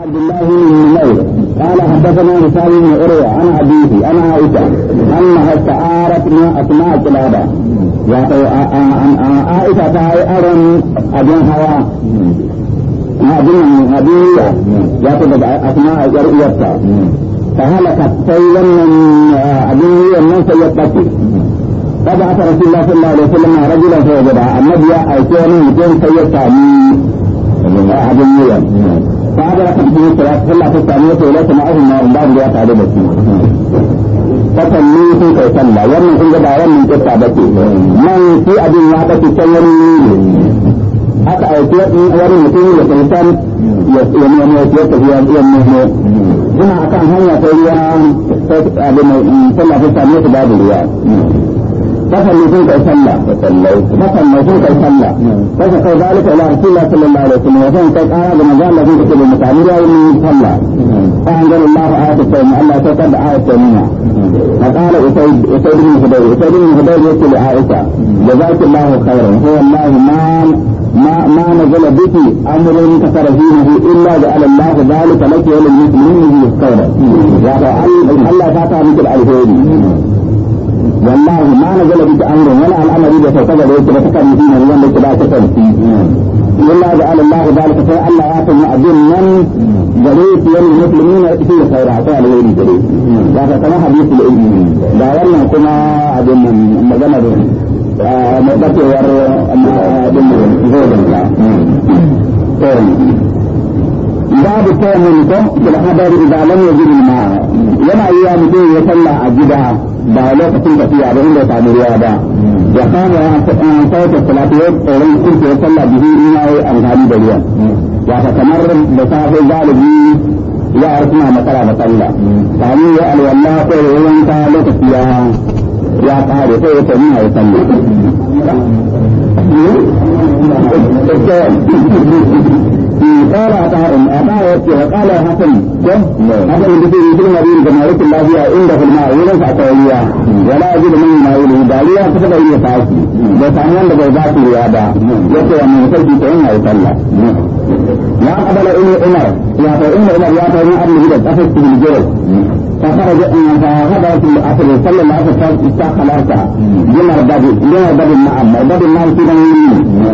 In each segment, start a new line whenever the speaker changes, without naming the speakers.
عبد الله بن نمير قال حدثنا هشام بن عروه عن ابيه انا عائشه انها استعارت من اسماء كلابه عائشه تاي ارم ابن هوا abin hadiyya ya fi daga asma a yar uwarta ta halaka sai wannan abin yiwon nan sai ya ɓace kada aka rasu lafi lalai sallama rajulan sai annabi ya aike wani abin فهذا تحديد ثلاث إلا تسألية وليس معهم ما da لا تعدد fasalli sun kai salla wannan kun ga ba wannan kissa ba ce nan shi abin ya ba ce can wani ne aka aiki wani mutum ya san san ya nemo ya tafi ya nemo ina akan hanya ta ruwa sallah ta same su babu ruwa دخل نزول صلى دخل نزول صلى فذكر ذلك الى رسول الله صلى الله عليه وسلم وكان قد اراد آه، ما زال الذي كتب المتعبير يعني او من صلى فانزل الله آية التيمم الا تقد آية التيمم فقال اسيد اسيد بن هبير اسيد بن هبير يقول لعائشة جزاك الله خيرا هو الله ما ما ما نزل بك امر كفر فيه الا جعل الله ذلك لك وللمسلمين به خيرا يعني الله فاتها مثل الهيري والله ما نزل بك امر ولا الامر اذا توكل اليك فتكن دين اليوم لك لا تكن الا جعل الله ذلك فالا ياكل مأذن من جريت يوم المسلمين في خيرات على غير جريت لا فكما حديث العلم لا يمنع كما اذن من مجمد مدكر اذن غير الله babu kyau mun ko bil hadari idan lam yajid al ma'a yana iya mutum ya salla a gida ba lokacin tafiya ba inda ya samu ruwa ba ya kama ya sauke salatu ya tsoron kurke ya sallah bihi in ya yi amfani da ruwan ta kamar da safe galibi yara suna matsala da sallah sami ya alwala ko ya wanka lokaci ya ya kare ko ya sami ya sallah قال عطاء عطاء وقال حسن هذا الذي يجري مريم جمارك الله عنده الماء ولن تعطيه ولا يجد من يناوله باليا فقد هي فاسي وثانيا لبيضات الرياضة يقول من يسجد تعين أو صلى يا قبل إلي عمر يا فإن عمر يا فإن أبن هدد أفسد الجرد فخرج فهذا في الاخر صلى الله عليه وسلم استخلص يمرض يمرض النعم مرض النعم في بنين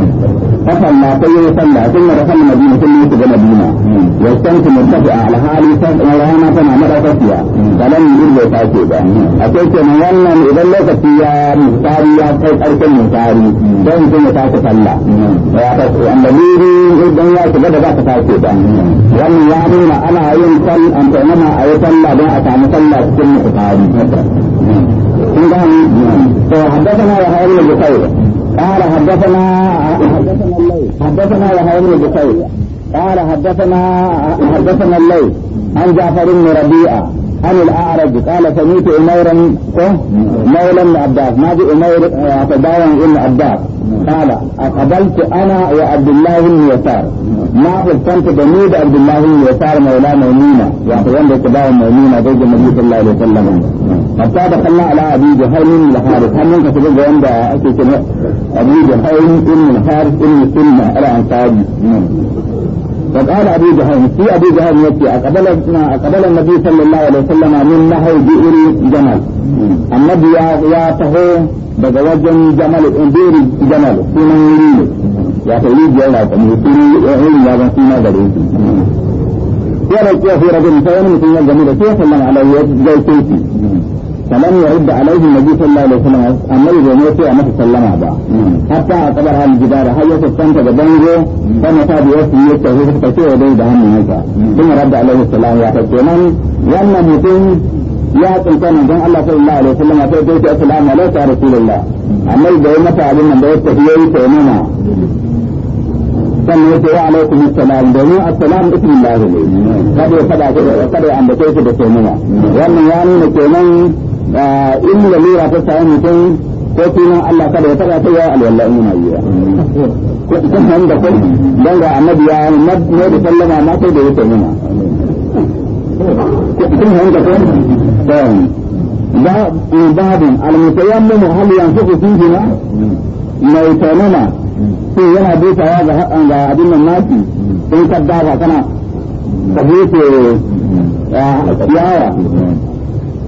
فصلى كي صلى ثم دخل المدينه ثم يتبع المدينه والشمس مرتفعه على حالي فلا ما كان مر فيها فلم يرد فاسدا اتيت من ولن اذا لا فيا مختاريا يا كيف اركن مختاري دون ثم تاسى صلى النبي جدا يا كبدا ذاك فاسدا ومن يعلم انا صلى ان تعلم اي صلى بين مطلع مصلى السنة القاضي حدثنا يحيى بن بكير قال حدثنا حدثنا الليل حدثنا يحيى بن بكير قال حدثنا حدثنا الليل عن جعفر بن ربيعه عن الأعرج قال سميت أميرا أه؟ مولى بن عباس ما بأمير أتداوم أه، ابن عباس قال أقبلت أنا وعبد الله بن يسار ما حكمت بنود عبد الله بن يسار مولى يعني وأخوان بكباء مؤمنين زوج النبي صلى الله عليه وسلم حتى دخلنا على أبي جهل بن الحارث هل منك تقول عند أبي جهل بن الحارث بن سلمة الأنصاري فقال أبي جهل في أبي جهل يبكي أقبلنا أقبل النبي صلى الله عليه وسلم من نهر بئر جمل النبي يا يا daga wajen jamal indiri jamal sunan wuri ne ya ta yi biyar da kuma suri irin ya zan suna gare shi yana cewa fi rajin ta wani mutum ya gami da ke sallan alaihi ya gaike shi salam ya rubda alaihi nabi sallallahu alaihi wasallam amma ya zama sai a masa sallama ba hatta a kabar hal gidara har ya fuskanta da bango kana ta biyar su ya tafi ta ce dai da hannun hannunsa kuma rabda alaihi salam ya ta kenan wannan mutum ya tsinta nan don Allah sallallahu alaihi wasallam sai dai ta assalamu alaikum ya rasulullah annabi da ya mata abin nan da ya tafi ta taimama sannan yace wa alaikum assalam domin assalam ismillah ne kada ya fada kada ya ambace shi da taimama wannan ya nuna kenan in lalura ta samu mutum ko sunan Allah kada ya fada ta ya ta in yana yi kun da kun dan ga annabi ya ta sallama ma sai da ya taimama kun hanga ko dan al-mutayammimu hal fihi ma mai tanama sai yana busawa ga haɗan ga abin nan naki don kadda ba kana ka buce yawa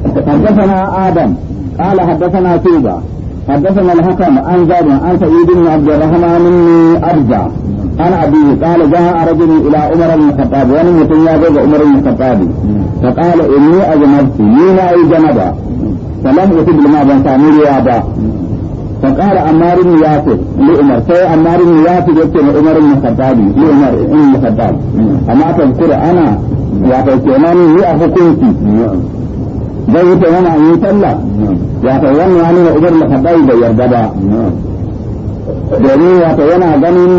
حدثنا آدم قال حدثنا توبة حدثنا الحكم عن زاد عن سعيد بن عبد الرحمن بن أرجع an abu kala ja a rajini ila umar al wani mutum ya zo ga umar al-khattab fa kala inni ajmatu ni na yi jamada salam wa tibil ma ban sami riya ba fa kala ammar ibn yasir li umar sai ammar ibn yasir yake na umar al-khattab li umar ibn al amma ta qur'ana ya ta kenan ni a hukunci zai wuce yana yi sallah ya ta wannan ne umar al bai yarda ba domin ya ta yana ganin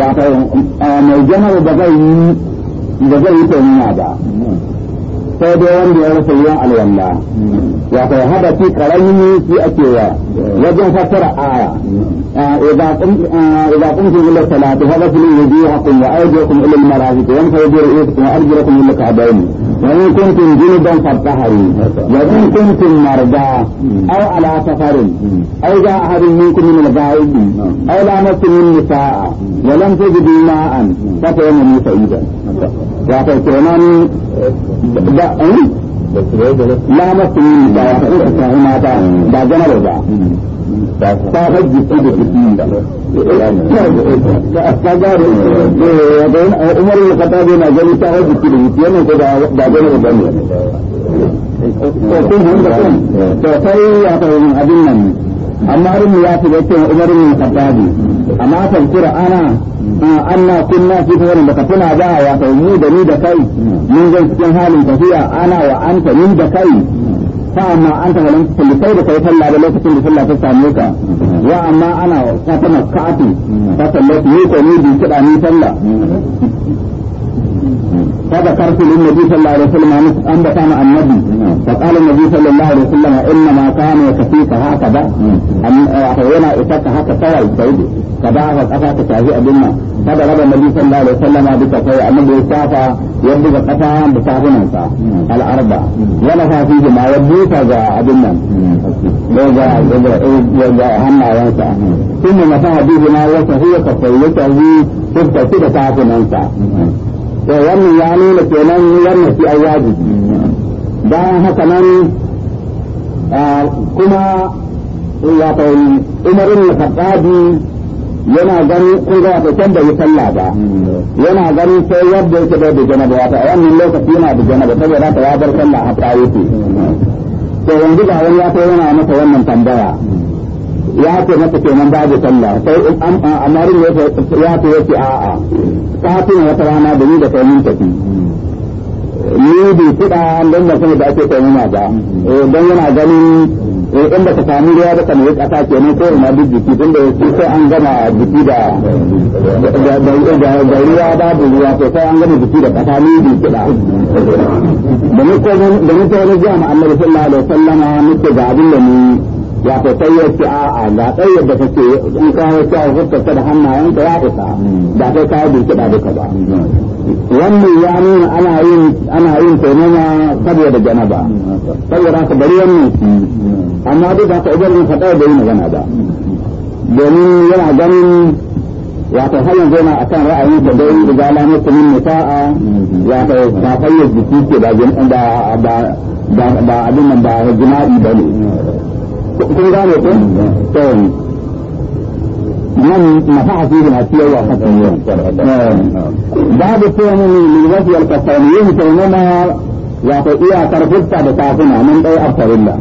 wato mai janar da zai yi da zai yi tauniya ba sai dai wanda ya rasa yin alwala wato hada fi karami yi a cewa wajen fassara aya إذا قمتم إلى الصلاة فاغسلوا وجوهكم وأيديكم إلى المرافق وامسحوا برؤوسكم وأرجلكم إلى الكعبين وإن كنتم جنبا فاتهروا وإن كنتم مرضى أو على سفر أو جاء أحد منكم من الغائب أو لامستم النساء ولم تجدوا ماء فتيمموا سعيدا وفتيمموا لامستم النساء فتيمموا ماء بعد جنبه ta hajji da jikin da ta gare umar na gani ta hajji da jiki yana ko da gani ba ne kun hin da kun to sai ya ta yin abin nan amma ya fi amma kan qur'ana anna kunna fi tawrin da tuna ya ta mu da ni da kai mun zan cikin halin tafiya ana wa anta ni da kai sa'annan an taɓa ɗan kulisai da kai sallah da lokacin da sallah ta same ka wa amma ana kafa na ka'atu ta sallah ta yi kwanu bi kiɗa ni sallah فذكرت للنبي صلى الله عليه وسلم أن كان النبي فقال النبي صلى الله عليه وسلم إنما كان يكفيك هكذا أن أحيانا إتاك هكذا سوى السيد كذا وكفاك تهيئ بالماء فضرب النبي صلى الله عليه وسلم بكفاء أنه شافى يبدو قفا بصاغنة الأربع ولها فيه ما يبدو فجاء بالماء وجاء وجاء هم ينسى ثم نفى به ما يسهي فسيته تبتسد صاغنة to wannan ya nuna kenan wannan shi ai wajibi bayan haka nan kuma wato umarin al-khattabi yana ganin kun ga wato can bai sallah ba yana ganin sai yadda yake bai da janaba wato a wannan lokaci yana da janaba saboda ta ya bar sallah a tsaye to yanzu ga wani ya yana masa wannan tambaya ya ce mata nan babu sallah sai in an amarin ne ya ce yace a'a tuna wata rana da ni da kai mun tafi ni bi kuɗa don na sani da ake kai muna ba eh, don yana ganin eh, in ba ka samu ruwa ba kamar ƙasa nan ko ina duk jiki tun da yake sai an gama jiki da da ruwa babu ruwa to sai an gama jiki da ƙasa ni bi kuɗa da ni ko da ni ko ni ji annabi sallallahu alaihi wasallama muke ga abin da ni ya ko sai ya ce a'a ga tsayar da kake in ka yi kyawun fuskarka da hannayen ka ya isa da kai ka yi bincika duka ba wannan ya nuna ana yin ana yin taimama saboda janaba saboda ka bari wannan amma duk da haka idan ka tsaya da yi magana ba domin yana ganin wato har yanzu yana a kan ra'ayin da dai da gala muku min nisa'a wato ba fayyar jiki ce ba ba ba abin nan ba jima'i bane kun gane ko to من بعد الثاني من الوفي القصانيين فإنما وقئية ترفضت بتاعتنا من أي أبطر الله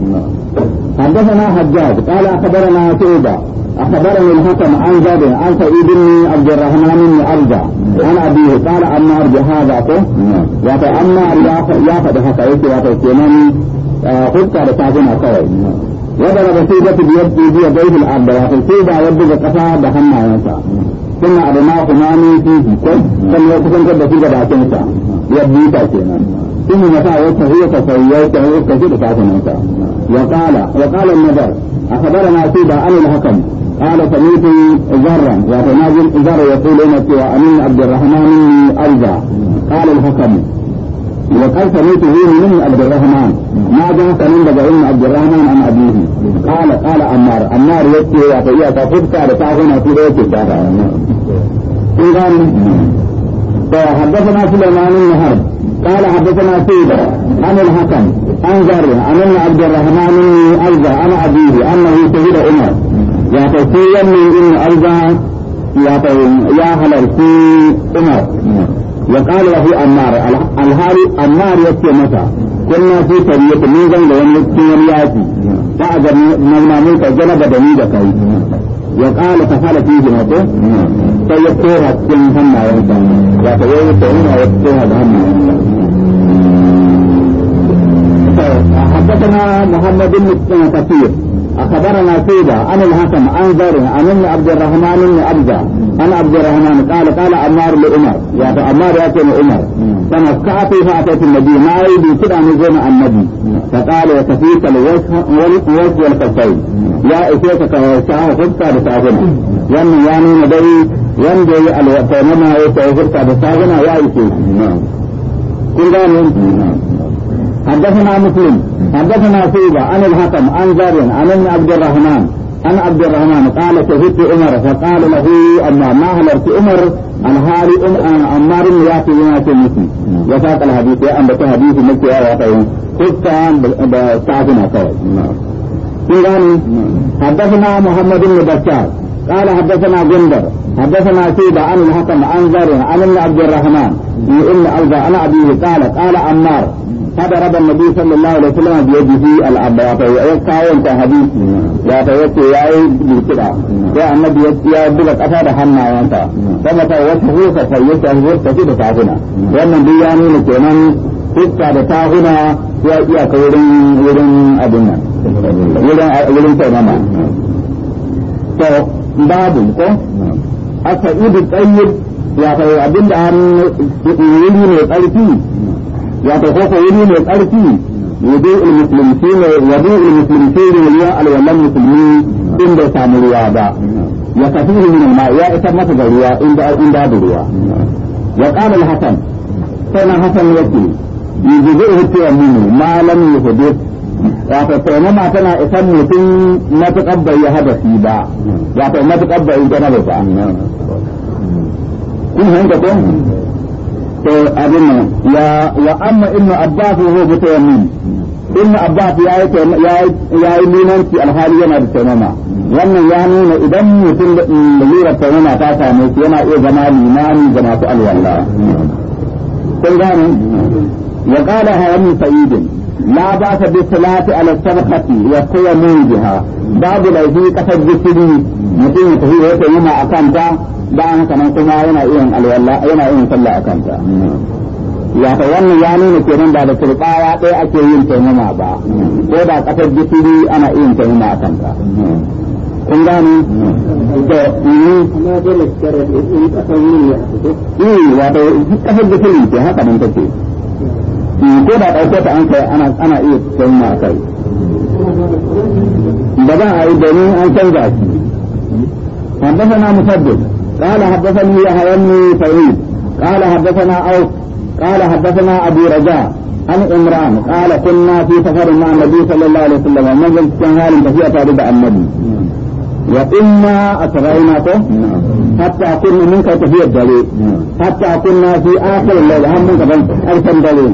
حدثنا حجاج قال أخبرنا شعبة أخبرني الحكم عن زاد عن سعيد بن عبد الرحمن بن أرجع عن أبيه قال أما أرجع هذا كه وأما ياخذ هكذا وأما خذت بتاعتنا كوي بسيطة بيد بيده بيديه الأرض وفي سيدة يبدو بقفا بهما ينسى ثم أبناء قمامي فيه كل ثم يكسن كد سيدة باتنسى يبدي تاكينا ثم نسى وجهه فسويت وكثير فاتنسى وقال وقال النظر أخبرنا سيدة عن الحكم قال سمعت ذرا وتنازل ذر يقول إنك وأمين عبد الرحمن أرجع قال الحكم وقال سمعته من عبد الرحمن ما جاء سمين بجعلنا عبد الرحمن عن أبيه قال قال عمار عمار يبكي وفيها فخبت تعظيم في بيت الدار إذا فحدثنا سليمان بن حرب قال حدثنا سيدة عن الحكم عن زر عن عبد الرحمن بن أرزا عن أبيه أنه سيد عمر يا من ابن أرزا يا هلال في عمر وقال له أمار الهاري أمار يكي مسا كنا في طريق ميزان لون يكي ولياتي بعد مغناميك جنب دميدة كي وقال فقال في جنته فيكوها كن هم ويبان وقال تهين ويكوها هم حدثنا محمد بن كثير أخبرنا سيدة أنا الحسن أنا زر أنا ابن عبد الرحمن بن أبدا أنا عبد الرحمن قال قال أمار لأمر يا عمار يا أمر عمر تمسكت فأتيت النبي ما يدي كده نزول النبي فقال يكفيك الوجه والوجه والكفين يا إتيك كوسعه خبتا بتاغنا يعني يعني ندري ينبغي الوقت وما يتوفرت بتاغنا يا نعم كل ذلك حدثنا مسلم حدثنا شيبة عن الحكم عن زار عن ابن عبد الرحمن عن عبد الرحمن قال شهدت عمر فقال له أما ما هلرت عمر عن حال ام عن عمار ياتي بما المسلم وفاق الحديث يا أنبت حديث ملك يا قلت عن بساعتنا قال نعم. إيراني نعم. حدثنا محمد بن بشار قال حدثنا جندر حدثنا سيدة عن الحكم عن زر عن ابن عبد الرحمن ابن ألبى عن أبيه قال قال عمار هذا رب النبي صلى الله عليه وسلم بيده الأرض وكاون كحديث وتوكي يا بالكرة يا النبي يا بلك أفاد حنا وانتا فمتى وجهه فسيته يستفيد تعبنا وأن بيانين كمان fuska da ta huna ya ورن أبنا ورن abin nan wurin wurin taimama to babu ko aka idu tsayyid ya ya ta koko wuri ne tsarki wudu al-muslimin wudu al-muslimin ya alwalan musulmi in bai samu ruwa ba ya kafi min ma ya isa masa da ruwa inda inda da ruwa wa qala al-hasan sai na hasan yake yujibu tayammum ma lam yuhdith wato sai ma tana isan mutum matuƙar bai ya hadasi ba wato matuƙar bai janaba ba kun hanga ko abin ya wa amma ibnu abbas huwa mutayammin ibnu abbas yayi yayi limanci alhali yana da taimama wannan ya nuna idan mutum da lura taimama ta same shi yana iya zama limani ga masu alwala kun gane wa qala hayyun sa'idin لا بأس بالصلاة على الصرخة والقيام بها باب لذي mutum ya tafi yake yana a kanta bayan haka nan kuma yana irin alwala yana irin sallah a kanta ya ta wannan ya nuna kenan ba da turbawa ɗaya ake yin taimama ba ko da kasar bisiri ana yin taimama a kanta kun gane da yi wato kasar bisiri ke haka nan take ko da ɗauke ta an kai ana iya kai ma kai ba a yi domin an kai da shi حدثنا مسدد قال حدثني يحيى بن سعيد قال حدثنا أوس قال حدثنا أبو رجاء عن عمران قال كنا في سفر مع النبي صلى الله عليه وسلم ونزل كان هال بهية ربع النبي وإنا أسرعناكم حتى كنا منك تفي الدليل حتى كنا في آخر الليل هم منك أرسل دليل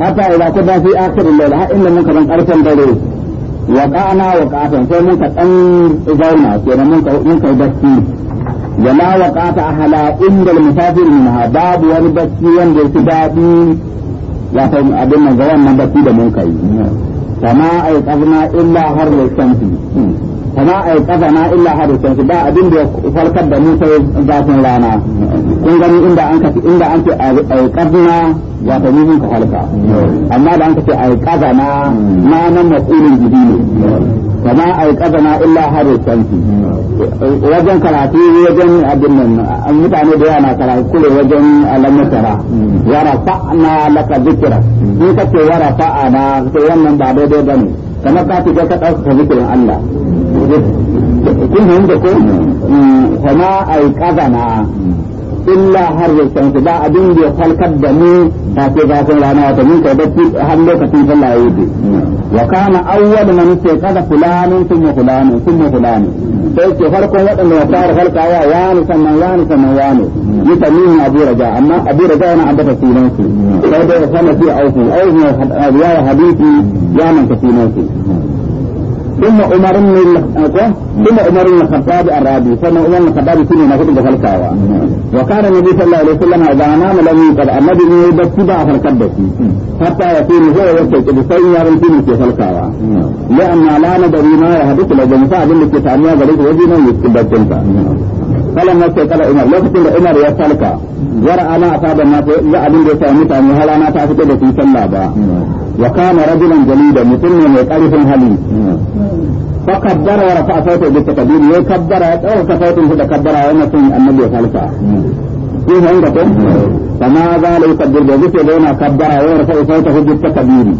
حتى إذا كنا في inda الليل إلا منك من أرسل دليل وقعنا وقعة sai mun ka ɗan zauna kenan mun ka mun ka bacci wala waqata inda al-musafir minha babu wani bacci wanda yake dadi ya san abin nan ga wannan bacci da mun kai kama ay qazna illa har shamsi kama a yi kafa na illa hadisan su ba abin da ya farkar da mu zafin rana kun gani inda an kafi inda an ce a yi kafna wato ni mun ka halka amma da an kafi ce a yi kafa na na nan makulin gidi ne kama a yi kafa na illa hadisan su wajen karatu wajen abin nan mutane da yana karatu kure wajen alamutara yara fa'ana laka zikira in ka yara fa'ana sai wannan ba daidai ba ne kamar ka ce ka ɗaukaka zikirin Allah kun da ko kuma mm. ai kazana illa har ya san ba abin da ya falkar da mu ba ce zafin rana wata mun kai bacci har lokacin sallah ya yi wa kana awwal man ce kada fulanin sun ya fulanin sun ya fulanin sai ce farkon waɗanda ya fara falkawa ya ni sannan ya ni sannan ya ni yi tamimin abu raja amma abu raja yana ambata sunan su sai da ya sanar fi auku auku ya hadisi ya manta sunan su ثم عمر بن ثم عمر بن الخطاب الرابي ثم عمر بن الخطاب كنا نقول بخلقه وكان النبي صلى الله عليه وسلم اذا نام لم يقد النبي من يبكي بعض الكبتي حتى يكون هو يبكي بسيء يرمتين في خلقه لان لا ندري ما يحدث لجن فاعل ذلك تعنيها غريب وجنا يبكي فلما قال عمر لو لوكتين عمر يا سلكا ورأى ما أصاب الناس لا أبين بيسا ومتعني هل أنا تعفت بسي سلا با وكان رجلا جليدا مثلنا يقرف هلي فكبر ورفع صوته بالتكبير يكبر إيه ورفع صوته كبر ومثل النبي خلفه فيه عندكم فما زال يكبر بذكر بين كبر ورفع صوته بالتكبير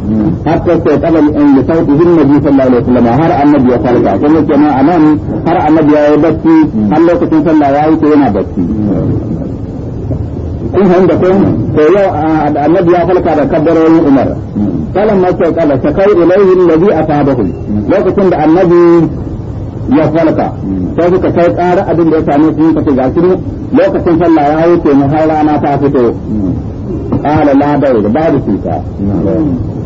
حتى استيقظ لصوته النبي صلى الله عليه وسلم هر النبي خلقه كما كما امام هر النبي يبكي هل لو كنت صلى الله عليه وسلم kun hanga ko to yau annabi ya falka da kaddarorin Umar kalan ma sai kala kai ilaihi alladhi asabahu lokacin da annabi ya falka sai suka kai ƙara abin da ya same su suka ce ga lokacin sallah ya wuce mu har rana ta fito قال لا بير بعد سيتا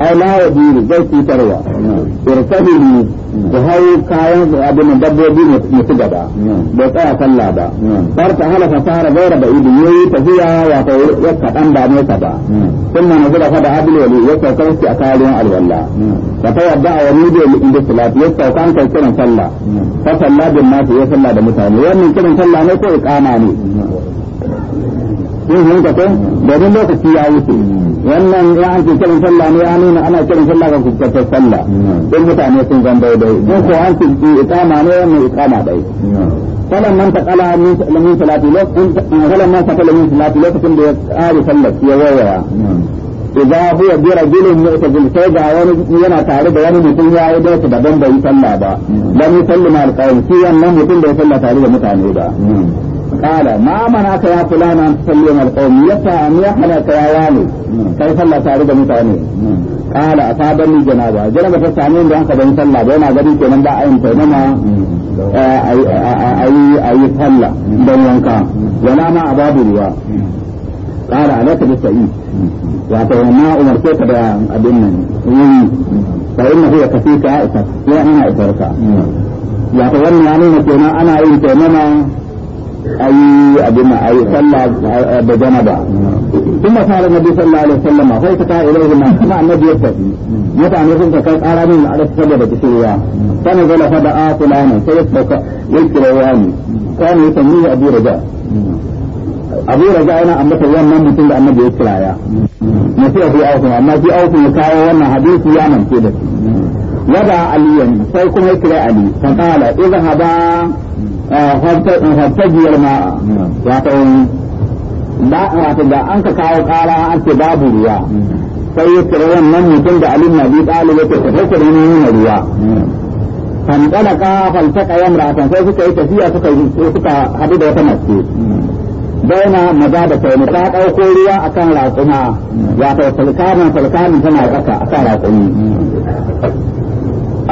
أو لا يدير زي سيتا روا ارتهلي وهي كاين أبن دبوبي متجدا بس أنا صلى با فرت هلا فصار غير بعيد يوي تهيا وتو يكت أم بعد يكتا ثم نزل فدا أبل ولي يكتا كوسي أكاليون على الله فتوضع وميدي عند الصلاة يكتا كان كيسرا صلى فصلى بالناس يصلى بمتاني ومن كيسرا صلى نكو إقامة yin hinka ko domin lokaci ya wuce wannan ya an ce kiran sallah ne ya nuna ana kiran sallah ga kuskure sallah don mutane sun zan don ko an ce ne man min salati lokacin man min salati lokacin da ya kare sallar ya wayaya idza huwa bi rajulin mu'tazil sai ga wani yana tare da wani mutum ya yi da daban bai sallah ba lam yusallima alqawm shi wannan mutum bai sallah tare da mutane ba قال ما منعك يا فلان ان تصلي مع القوم يسعى ان يحلق يا واني كيف الله تارد متعني قال اصابني جنابه جنابه تسعمين بان قد صلى بين غبي كمان بقى انت انما اي اي صلى بين وانكا ولا ما اباب الرواء قال عليك بالسعيد wato ما umarce ka da abin nan yi fa inna huwa kafika ya isa ya ina isarka wato wannan ya nuna ayi abin ayi sallah da janaba da fara nabi sallallahu alaihi wasallam sai ilaihi ma kuma annabi ya tafi ka kai ƙara min a rasu sai ya tsoka ya abu raja abu raja yana ambata wannan mutum da annabi ya amma ya kawo wannan hadisi ya manke da shi wada aliyan sai kuma ya kira ali fa kala fabtajiyar ma'a wato wato da an ka kawo kara an ce babu ruwa sai ya kira wannan mutum da alim na biyu ɗalib ya ce ka sai kira nuna ruwa fanɗala ka falsaka ya muratan sai suka yi tafiya suka haɗu da wata mace baina maza da kai ta ɗauko ruwa akan raƙuma wato falkanin falkanin tana ƙasa akan raƙumi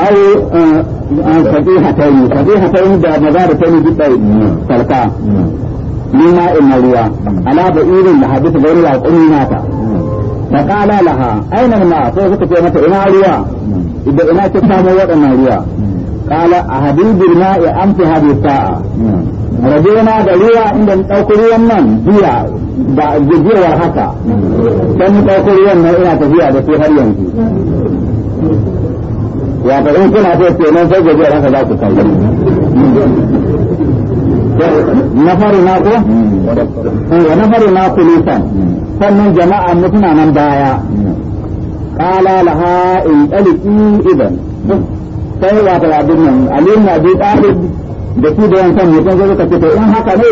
أو فضيحتين فضيحتين ده مزارتين جدا سلكا من ماء المريا على بئير لحديث غير العقل ماتا فقال لها أين الماء فوقت في متى إنا ريا إذا إنا تسامو وإنا ريا قال أهديد الماء أنت هذه الساعة رجعنا بريا عند الأوكل يمن هي بعد جزيرة هكا كان الأوكل يمن إلى تجيئة في هريانتي ya ta in kuna so kenan sai gobe ranka za ku kai na fari na ko wa eh, na fari na ku nisan sannan jama'a mutuna nan baya qala laha in talqi idan sai wa ta abin nan alim na bi talib da su da yankan mutum zai ka ce to in haka ne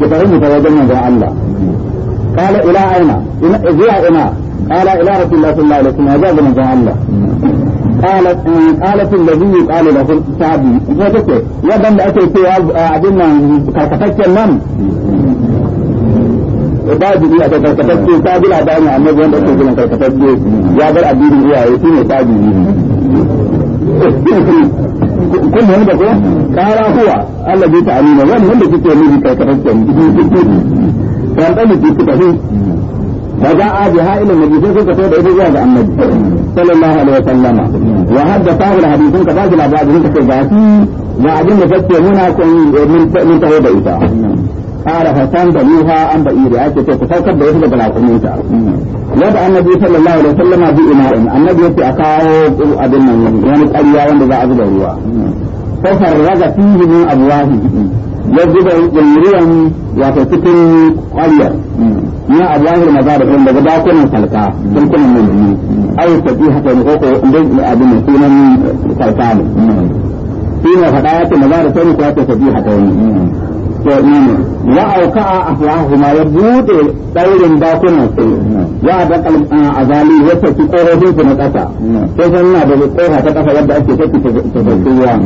ki bari mu ta wajen manzon Allah kala ila aina ina zuwa ina kala ila rasulillahi sallallahu alaihi wasallam ya ga manzon Allah قالت قالت الذي قال له الشعبي وتكي وبن da ake cewa abin a karkataccen nan tajiri a karkatacce ta bi labarin annabi wanda ake jiran karkatacce ya bar addinin iyaye shi ne tajiri kun mun da ko kara huwa Allah bi ta'alina wannan da kike nufi فجاء بها الى النبي صلى الله عليه وسلم النبي صلى الله عليه وسلم وحدثه الحديث كذلك الابواب انت كذاتي وعدم فكر هنا من من تهوب ايتا قال فسان بنيها ام بئير اكي تو فوكر ده يفضل بلا قميتا يدعى النبي صلى الله عليه وسلم بإناء النبي يتي أكاو أبنى يعني قرية وانبغى أبدا هو ففرغ فيه من أبوابه ya da ɗuriyan wato cikin ƙwariyar na a zahir maza da ɗan daga dakunan salka dunkunan mai biyu ai tafi haka ne koko ɗan abin mai sunan salka ne shi ne faɗa ya ce maza da sani kuwa ta tafi haka ne to ne ya auka a aflahuma ya buɗe ɗaurin dakunan su ya da azali ya tafi ƙorofin su na ƙasa sai sannan da ƙofa ta ƙasa yadda ake tafi ta tafi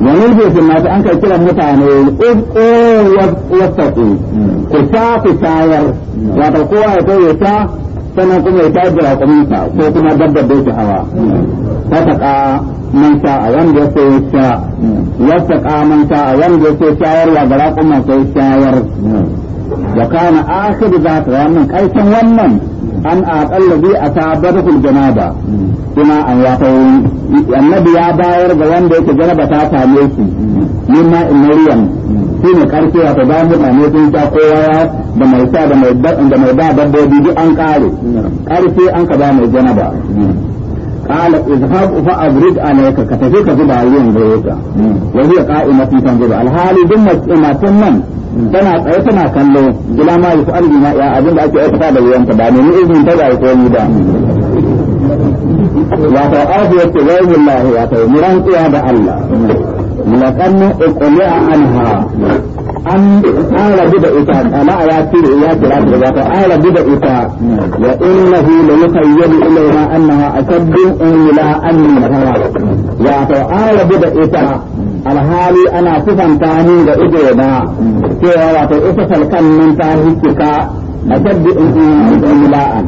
wannan bai fi masu an kai kira mutane uku wasaƙi ku ta ku shayar wata kowa ya kai ya sha sannan kuma ya tayar a raƙuminsa ko kuma dabbar da yake hawa wasaƙa man ta a wanda ya sai sha wasaƙa man sa a wanda ya sai shayarwa ga raƙumansa ya shayar wa kana akhir zata wannan karshen wannan an a aqalla bi asabahu janaba kuma an ya annabi ya bayar ga wanda yake janaba ta same shi in maryam shi ne karshe wato ba mutane sun ta kowa da mai sa da mai da mai ba dabbobi duk an kare karfe an ka ba mai janaba قال اذهب فابرد عليك كتفي كذب عيون بريكا وهي قائمة تنظر الحالي دمت إما تنم tana tsaye tana kallo gila ma yi su'al bima ya abin ake aikata da wuyanta ba ne ni izinin ta bai komi ba ya ta afi yace wai ya ta muran tsiya da Allah laqad a anha an tsara da ita ana ya tire ya kira ta da ta tsara ita wa innahu la yukhayyalu ilayha annaha ashaddu ila anni nahara ya ta tsara bida ita alhali ana sifanta ni da ido na cewa wato ita salkan nan ta hikika أشد ملاء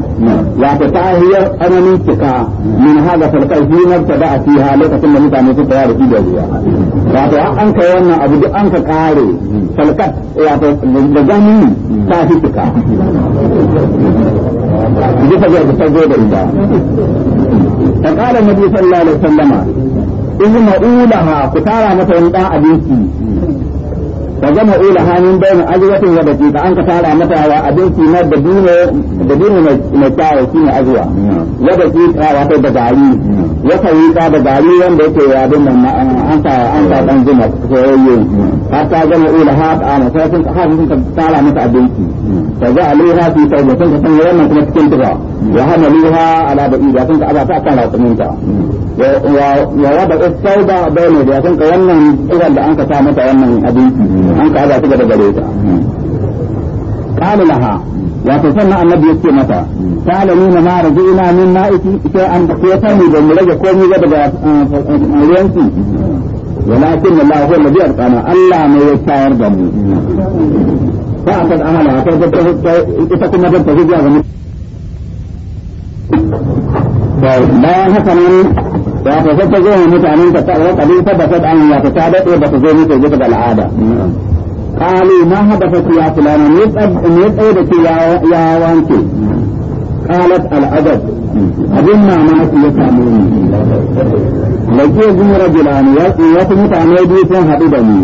وتتاهي أنا اتقاء من هذا فلقي فيما ابتدأ فيها لك ثم متى نسيت تيار في جوية وتتاهي أنك وانا أبدي أنك كاري فلقت لجاني تاهي اتقاء جيسا جاء تتجوه إذا فقال النبي صلى الله عليه وسلم إذن أولها كتارا متى ينقى أبيتي fa jama ula hanin bayan azwatin wa ka an ka tara mata wa abin kimar da dino da dino mai ne azuwa. azwa hmm. wa daqiqa wato da gari ya hmm. ta da gari wanda yake ya bin nan an sa an sa dan zuma soyayye hmm. har ta jama ula ha ta ana sai sun ka tara mata abin ki fa ja'aluha fi tawbatin ka san wannan kuma cikin tuba وحملوها على بعيد يكون أبا تأكل على تمينك ووضع الثوبة بين يكون كأنه إذا لأنك سامت وأنه أبيك أنك أبا تجد بليتا قال لها وتسمى النبي يسكي متى قال لي ما رجعنا من مائك أن تقيتني بمرجع كومي جدد ريانتي ولكن الله هو الذي أرقانا الله ما يتشاور دمي فأعطت أهلها فأعطت ita kuma zan tafi zuwa ga bayan haka nan ya fasata zo mu mutanen ka ta wa kadin tabbatar an ya ta dade ba ta zo ne ta zuka da al'ada qalu ma hadafa ya fulana ne tsad ne ya wanke qalat al'adab abin ma mana ya samu ne lake gun rajulan ya ya ku mutane biyu sun hadu da ni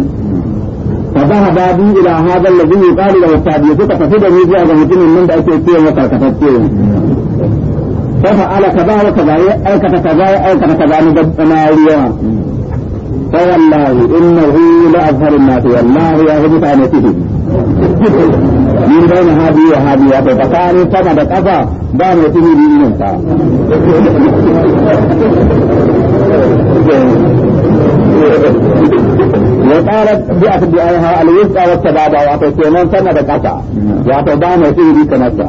فذهب بي الى هذا الذي يقال له استاذ يزيد فسد ميزي على مجنون من ذاك الشيء وكركفت ففعل كذا وكذا أيكة كذا أيكة كذا نجد ناريا فوالله إنه لأظهر الناس والله يا هدف عن من بين هذه وهذه wato tsakanin sama da ƙasa ba mai tuni biyun ta وقالت جاءت بأيها الوسطى والسبابة وعطوا كيمان سنة بكسا وعطوا دانا فيه بي كنسا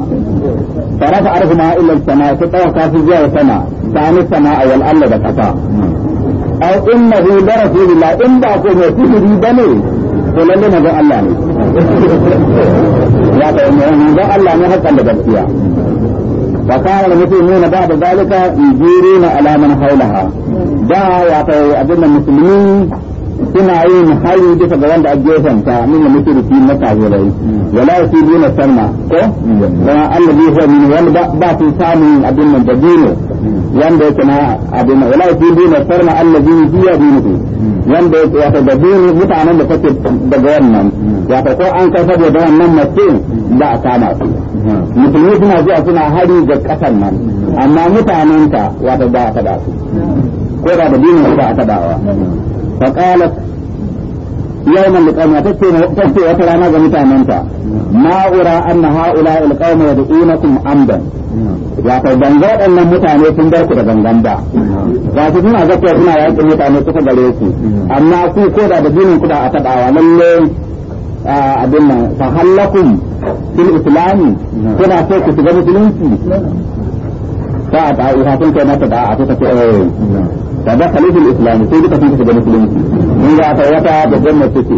فرفع رفما إلا السماء ستة وكافي جاء سنة ثاني السماء والأرض بكسا أو إنه لرسول الله إن باكو ما فيه بي بني فلن نزو الله za ka yi mu'ani don Allah ne hakan da gaskiya fa kana da mutum ne na ba'da zalika yujiru na alaman haulaha da ya kai musulmi suna yin hali duka ga wanda ake yasan ta min da mutum fi mata zurai wala su na sanna ko don Allah ne huwa min wani ba wanda yake na mai wala bi na farma allazi bi yadihi wanda yake wato da ne mutanen da kake daga wannan ta ko an kai da wannan mace da a kama su musulmi suna zuwa suna hari ga kasan nan amma mutanen ta wato ba a kada su ko da da ne ba a fa qalat yawman liqauma ta ce wata rana ga mutanenta ma ura anna haula ina yad'unakum amdan ta ban ga waɗannan mutane sun bar ku da gangan ba su suna zakka suna yaƙin mutane suka gare su amma ku ko da da jinin ku da a taɓawa lalle abin nan fa hallakum fil islami kuna so ku shiga musulunci fa a ta'u ha kun kai mata a ta ce eh da da khalifin islami sai duka sun shiga musulunci in za wata da gwamna suke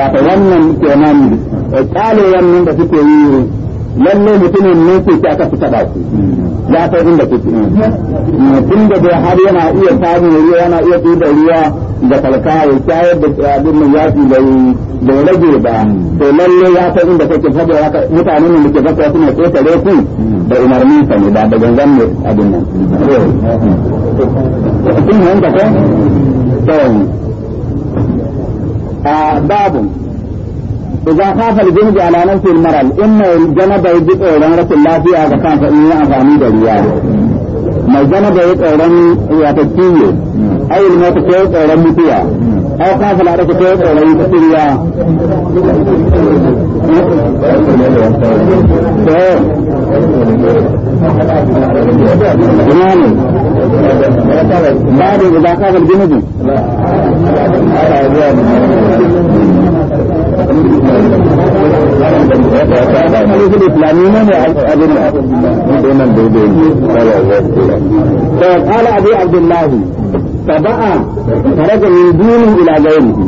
wata wannan kyale eh, wannan da suke yi lalle mutumin ne ke aka fi taɓa su ya ta inda kuke tun da dai har yana iya samun ruwa yana iya tuba ruwa da kalka ya shayar da abin mai yafi da da rage ba to lalle ya ta inda kuke fada haka mutanen nan da ke fasa suna ƙetare ku da umarni sa ne ba da gangan ne abin nan Mutum yanda ko? Tsawon. A babu, idan kafar jin ji alamun fil maral, in mai gana bai ji tsoron rashin lafiya ga kansa in yi amfani da ruwa. Mai gana bai yi tsoron wata ciwo, ayyul mota ko tsoron mutuwa. أو خاف لا ركتوب أو لن تقل الله إمام بعد إذا خاف الجنوب طيب، قال أبي عبد الله saba'a faraja min dinin ila gairihi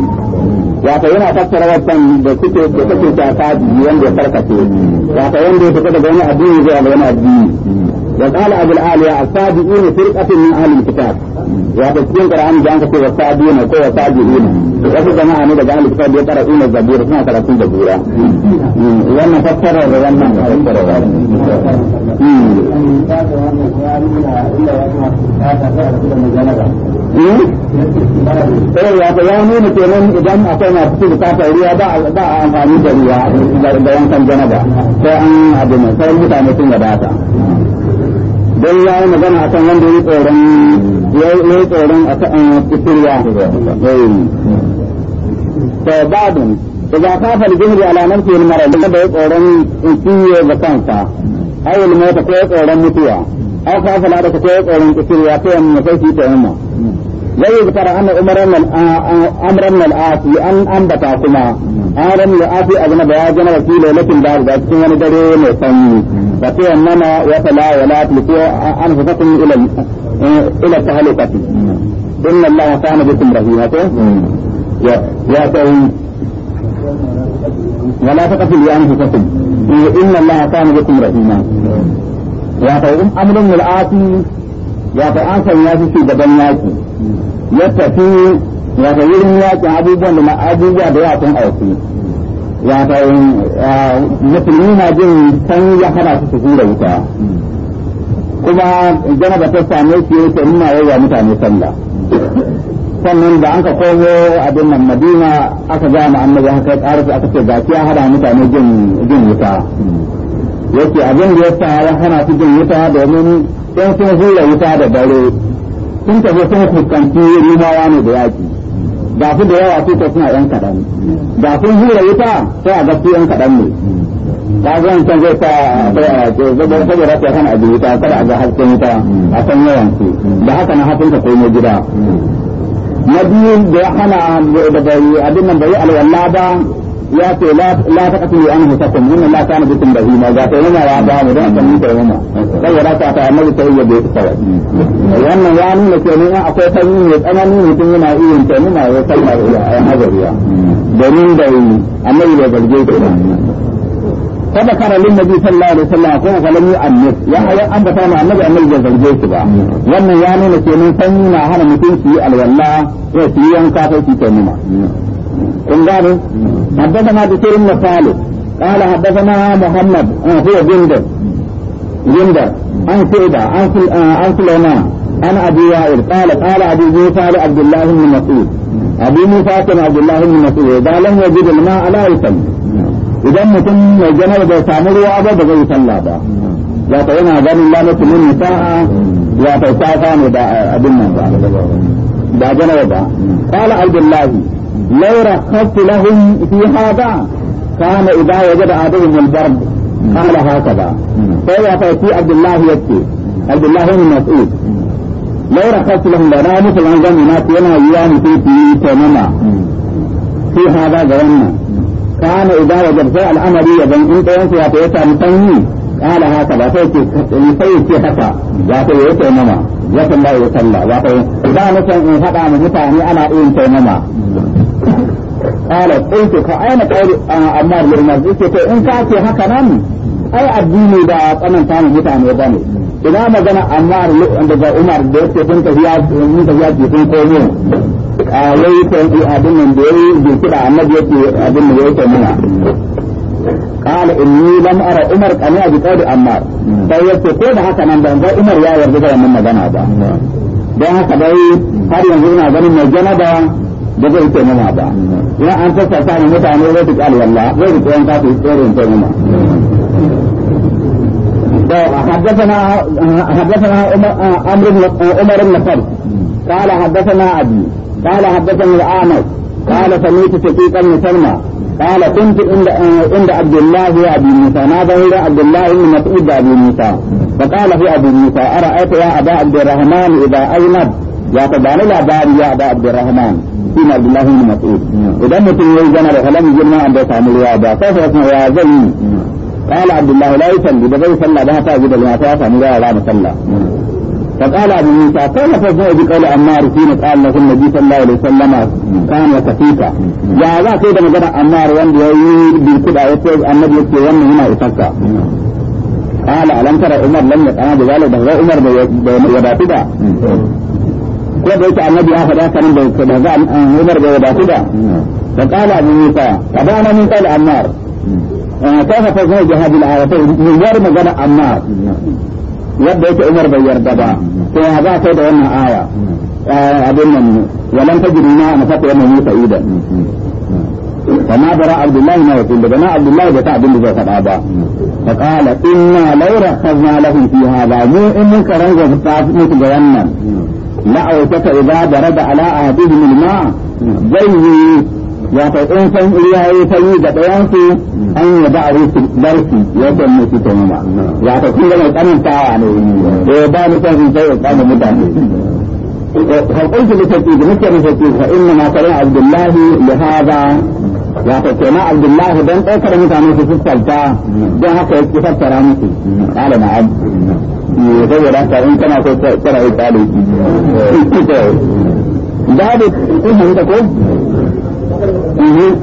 wato yana tattara wannan da suke da suke ta tabi wanda ya farkace wato wanda ya fita da wani addini zuwa ga wani addini da qala abul aliya asabi'ina firqatin min ahli kitab wato cikin Qur'ani da an ka ce wa sa'idina ko wa sa'idina wasu jama'a ne daga ahli kitab ya tara ina zabura suna karatun da gura
hmm, wannan
fassara da wannan fassara da hmm. hmm? Eh wato ya nuna kenan idan akwai masu cikin bukatar ruwa ba a amfani da ruwa da yankan janaba sai an abu mai sai mutane sun gabata. Don ya yi magana akan wanda ya tsoron ya yi tsoron a sa'an kusurwa to babin idan kafa ala da ya tsoron kiyo ga kansa tsoron mutuwa da tsoron kusurwa ta yamma zai yi fara anna umaran amran al an ambata kuma amran al a da ya jana wakilo lakin da a cikin wani dare mai sanyi fa to annama wa an ila tahlukati inna allaha kana bikum rahima ko ya ya kai wala taqtul ya anfusakum inna allaha kana bikum rahima ya kai um amrun lil asi ya kai an sanya shi shugaban yaki ya tafi ya kai wurin yakin abubuwan da abubuwa da ya sun auki ya kai musulmi na jin san ya hana su su hura wuta kuma janaba ta same shi ce nuna yawa mutane sallah sannan da an ka komo abin nan madina aka ga mu annabi haka a aka ce gashi ya hada mutane jin wuta yake abin da ya tsara hana su jin wuta domin in sun hula wuta da dare sun tafi sun fuskanci rumawa ne da yaki ba su da yawa su suna yan kaɗan ba sun hula wuta sai a gasu yan kaɗan ne ta zan can zai sa eh, saboda ta hana abin wuta kada a ga hasken ta a san yawan su da haka na hasin ka komo gida na biyu da ya hana da bai abin nan bai alwala ba ya ce la ta kasu an husakum inna la kana bikum a ga ta yana ya ba mu dan ta ta ta annabi sai ya bai wannan ya nuna akwai fanni mai tsanani mutum yana irin ta nuna ya sallar ya hazariya domin bai annabi bai zarge فذكر للنبي صلى الله عليه وسلم يقول فلم يؤمر يا أن بتانا النبي أن يجز الجيش با وأن يعني نسيمين سنينا هنا متين في الولاء وسيئا كافي في كمنا إن قالوا حدثنا بكير بن خالد قال حدثنا محمد هو جندب جندب عن سيدة عن سليمان عن أبي وائل قال قال أبي موسى لعبد الله بن مسعود أبي موسى عبد الله بن مسعود إذا لم يجد الماء لا يسمي idan mutum mai janar bai samu ruwa ba ba zai talla ba ya ta yana ganin la mutum min sa'a ya ta ta samu da abin nan ba da janar ba kala abdullahi laura rakhaftu lahum fi hada kana idza wajada ahaduhum al-bard qala hakaza sai ya fi abdullahi yake abdullahi ne mas'ud laura rakhaftu lahum da na musu an zama na yana yiwa mutum fi tamama fi hada ga wannan kana idan wajen sai al'amari ya zan in ɗayan wato ya samu sanyi kala haka ba sai sai ya haka wato ya ce mama ya sallah ya sallah wato idan mutum in faɗa mu mutane ana yin taimama kala kuntu ka aina kauri amma lirmar yake to in kace haka nan ai addini ba tsananta mu mutane bane ina magana amma daga umar da yake sun tafiya mun tafiya ke sun komo yayi sauki abin nan da yayi bai annabi yake abin da yake mana قال إني لم أرى عمر قنع بقول عمار فيكي كل haka nan ban ga Umar ya yarda da wannan magana ba don haka dai har yanzu ina ganin mai janaba da zai ke mana ba ya an fasa ta ne mutane zai ta kyale wallah zai ta حدثنا حدثنا عمر بن قال حدثنا ابي قال حدثني الأعمش قال سميت شقيقا بن سلمى قال كنت عند آه، عند عبد الله وابي موسى ظهر عبد الله بن مسعود ابي موسى فقال في ابي موسى ارايت يا ابا عبد الرحمن اذا اينب يا تبان لا بار يا ابا عبد الرحمن فيما عبد الله بن مسعود اذا متن يي جنا ده فلم يجمع عند سامر يا ابا كيف اسمع يا زين قال عبد الله لا يصلي بغير صلى بها تاجد لما تاجد يا لا مصلى فقال ابو موسى قال تسمع بقول عمار حين قال له النبي صلى الله عليه وسلم كان وكفيك يا ذا سيد مجرى عمار وان يريد بالكدا يقول النبي يقول وان هنا يفكر قال الم ترى عمر لم يقع بذلك ده عمر يباتي ده بيت da yake آخر ya faɗa kanin da ba za a Umar bai wadatu ba fa qala abu كيف تزوج هذه الآية؟ من غير ما قال عمار yadda yake umar bai yarda ba to ya za kai da wannan aya eh, abin nan ne wa lam tajidu ma an fatu wannan yusa idan fa ma bara abdullahi ma yaqul da na abdullahi da ta abin da zai faɗa ba fa qala inna laura khazna lahu fi hadha mu in mun ta mutu ga wannan la au ta ta ida darada ala zai yi ya fa in san iriya yi ta yi da dayan an yi da arusu barci yadda mu su ta ma. ya ta kun gama tsanantawa ne eh ba mu san sun sai mutane abdullahi don ɗaukar mutane su fuskalta don haka ya ki fassara musu kala na eh, kana so tsara ya da. ki hanta ko eh,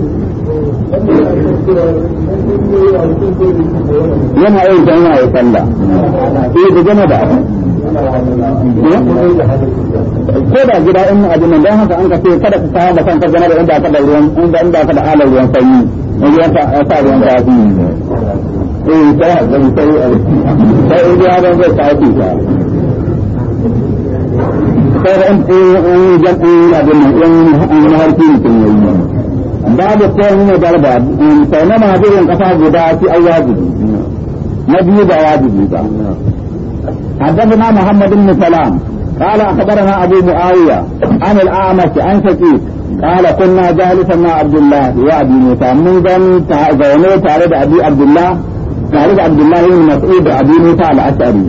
yana yin dan yana yi da gama da ko da gida in abin nan dan haka an ka ce kada ka saba da inda ka da ruwan inda inda ka da alar ruwan sanyi in ruwan ka sa ruwan eh sai sai ban zai sai jan nan in باب الثاني من دربة فإنما هذه انقطع بداية أو واجب نبي واجب حدثنا محمد بن سلام قال أخبرنا أبو معاوية عن الأعمش عن شقيق قال كنا جالسا مع عبد الله وأبي موسى منذ زوني تعرض أبي عبد الله تعرض عبد الله بن مسعود أبي موسى الأشعري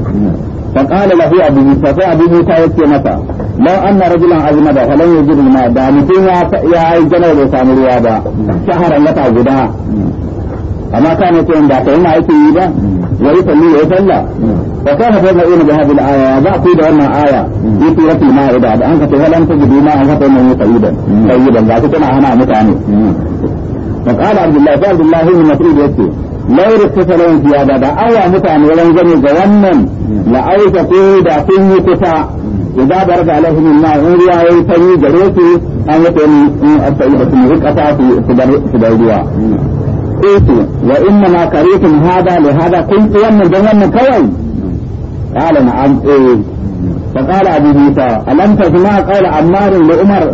فقال له أبو موسى فأبو موسى يكي متى لو أن رجلا أجنبا فلن يجد الماء دا mutum ya bai samu ruwa ba shaharar wata guda amma ka ne cewa ba kai yi ba ya yi sallu ya yi sallah wa kana fa ma'ina bi hadhihi al-aya za ku da wannan aya bi suratul ma'ida da ce abdullahi lauru kusa lawan fiya da awa mutane rangane ga wannan aika ko da sun yi kusa idan barka alaihim na in ruwa yayi sanyi gare su an yi tani in asali da su rika ta su bar ruwa kuntu wa inna ma karitum hada li hada kuntu wannan dan wannan kawai qala na'am eh fa qala abu musa alam tasma qawla ammar li umar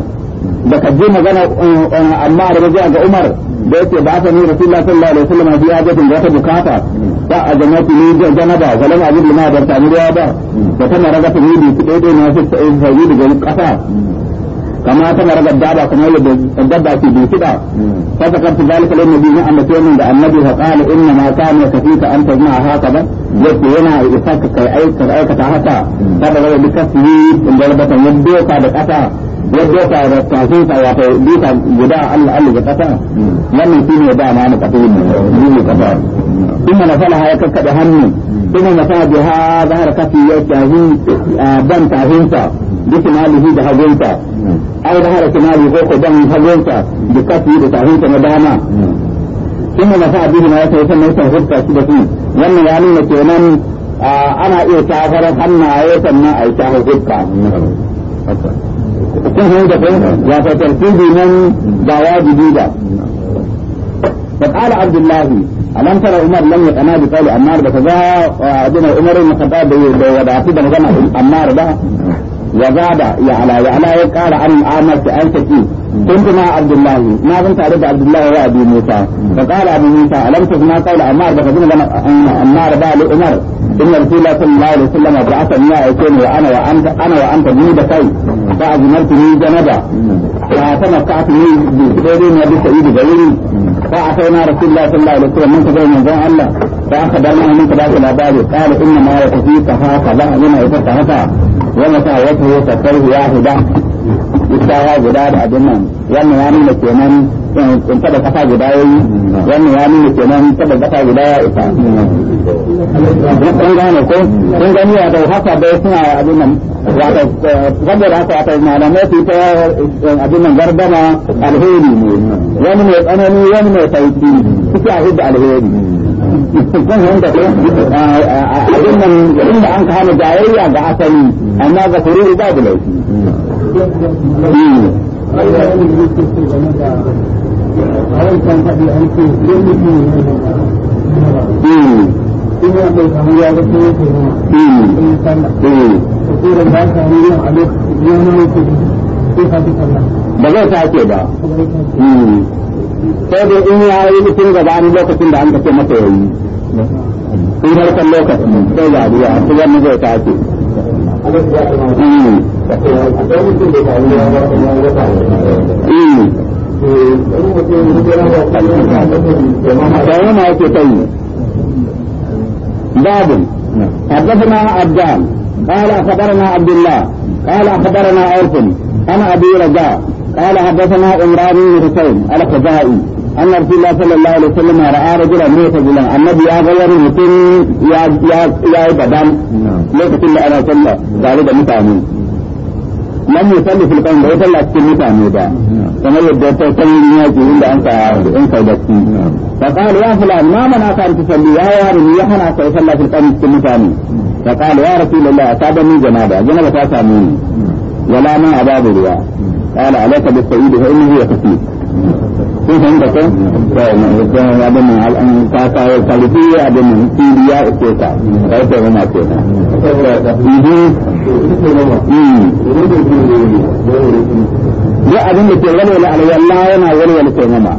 da kaje magana eh, eh, ammar ba ga umar da yake ba ta nuna rasulullah sallallahu alaihi wasallam fi hajatin da wata bukata ta a jannati ni janaba walam abid lima da ta ruwa ba da tana raga ta ni ki dai dai na su sai sai daga kasa kama tana raga daba kuma yadda dabba ke bi kida fa ta kanta zalika lin nabi an da tayin da annabi ha qala inna ma kana kafika an tazma haka ba yake yana isaka kai aikata haka ta da raga bi kasbi da rabata yadda ka da kasa yadda ta da tafin sa wato duka guda Allah Allah ga kasa wannan shine da ma mu kafin mu mu kafa kuma na fala ya kakkada hannu kuma na fala bi ha zahar kafi ya tafi ban tahin sa duk malihi da hagunta ai da har kimali ko ko dan hagunta da kafi da tahin sa na dama kuma na fala bi ma ya tafi sannan sa hukka shi da shi wannan ya nuna kenan ana iya tafarar hannaye sannan a yi tafarar hukka kun san da kai ya fa tartibi nan ba wajibi ba فقال عبد الله ألم ترى عمر لم يتنا بقول أمار بكذا أدنى عمر بن الخطاب في بن أمار ده وزاد يعلى يعلى يقال عن عامر أن تكي كنت مع عبد الله ما كنت أرد عبد الله وأبي موسى فقال أبي موسى ألم تسمع قول أمار بكذا أمار بقى لعمر إن رسول الله صلى الله عليه وسلم بعثني أكون وأنا وأنت أنا وأنت جنود سيد بعد ما تني جنبا قاعت فتمتعت بدين ابي سعيد الغيري فاعطينا رسول الله صلى الله عليه وسلم من تبين من الله الله من تبعت الاباد قال انما يتفيد يتفيق لا لما يتفيد هكذا ومتى وجهه تكره واحده ishawa guda da abin nan wannan ya nuna kenan in taba kasa guda ya yi wannan ya nuna kenan taba kasa guda ya isa kun gane ko kun gani ya dau haka dai suna abin nan wato eh, saboda haka wato malamai su ta eh, abin nan gardama alheri ne wani mai tsanani wani mai sauki suke a hidda alheri kun hanta ko eh, abin nan inda an kama jayayya ga asali amma ga furu babu laifi
in
ba zai sake ba hmm. sai dai in ya yi mutum lokacin da an ka ce masa yayi in harkar lokaci sai ya biya su zai sake كما يأتي باب حدثنا عبدان قال أخبرنا عبد الله قال أخبرنا عرف أنا أبي رجاء قال حدثنا عمران بن حسين الخزائي أن رسول الله صلى الله عليه وسلم رأى رجلا معتزلا النبي يا غير مسلم يا يا يا بدن ليس كل أنا صلى قال إذا متعمين lam yusalli fil qawm bai sallah cikin mutane ba kamar yadda ta sanin ya ce inda an sa in sa da ku fa qala ya fulan ma mana ka an tusalli ya ya ni ya hana ka sallah fil qawm cikin mutane fa qala ya rasulullah asabani janaba janaba ta same ni wala ma ababu ruwa qala alayka bis sa'id fa innahu yakfik kun san da da ya da mun ta ta ya da mun ta kai ta yana ta ya abin da ke walwala alwala yana walwala taimama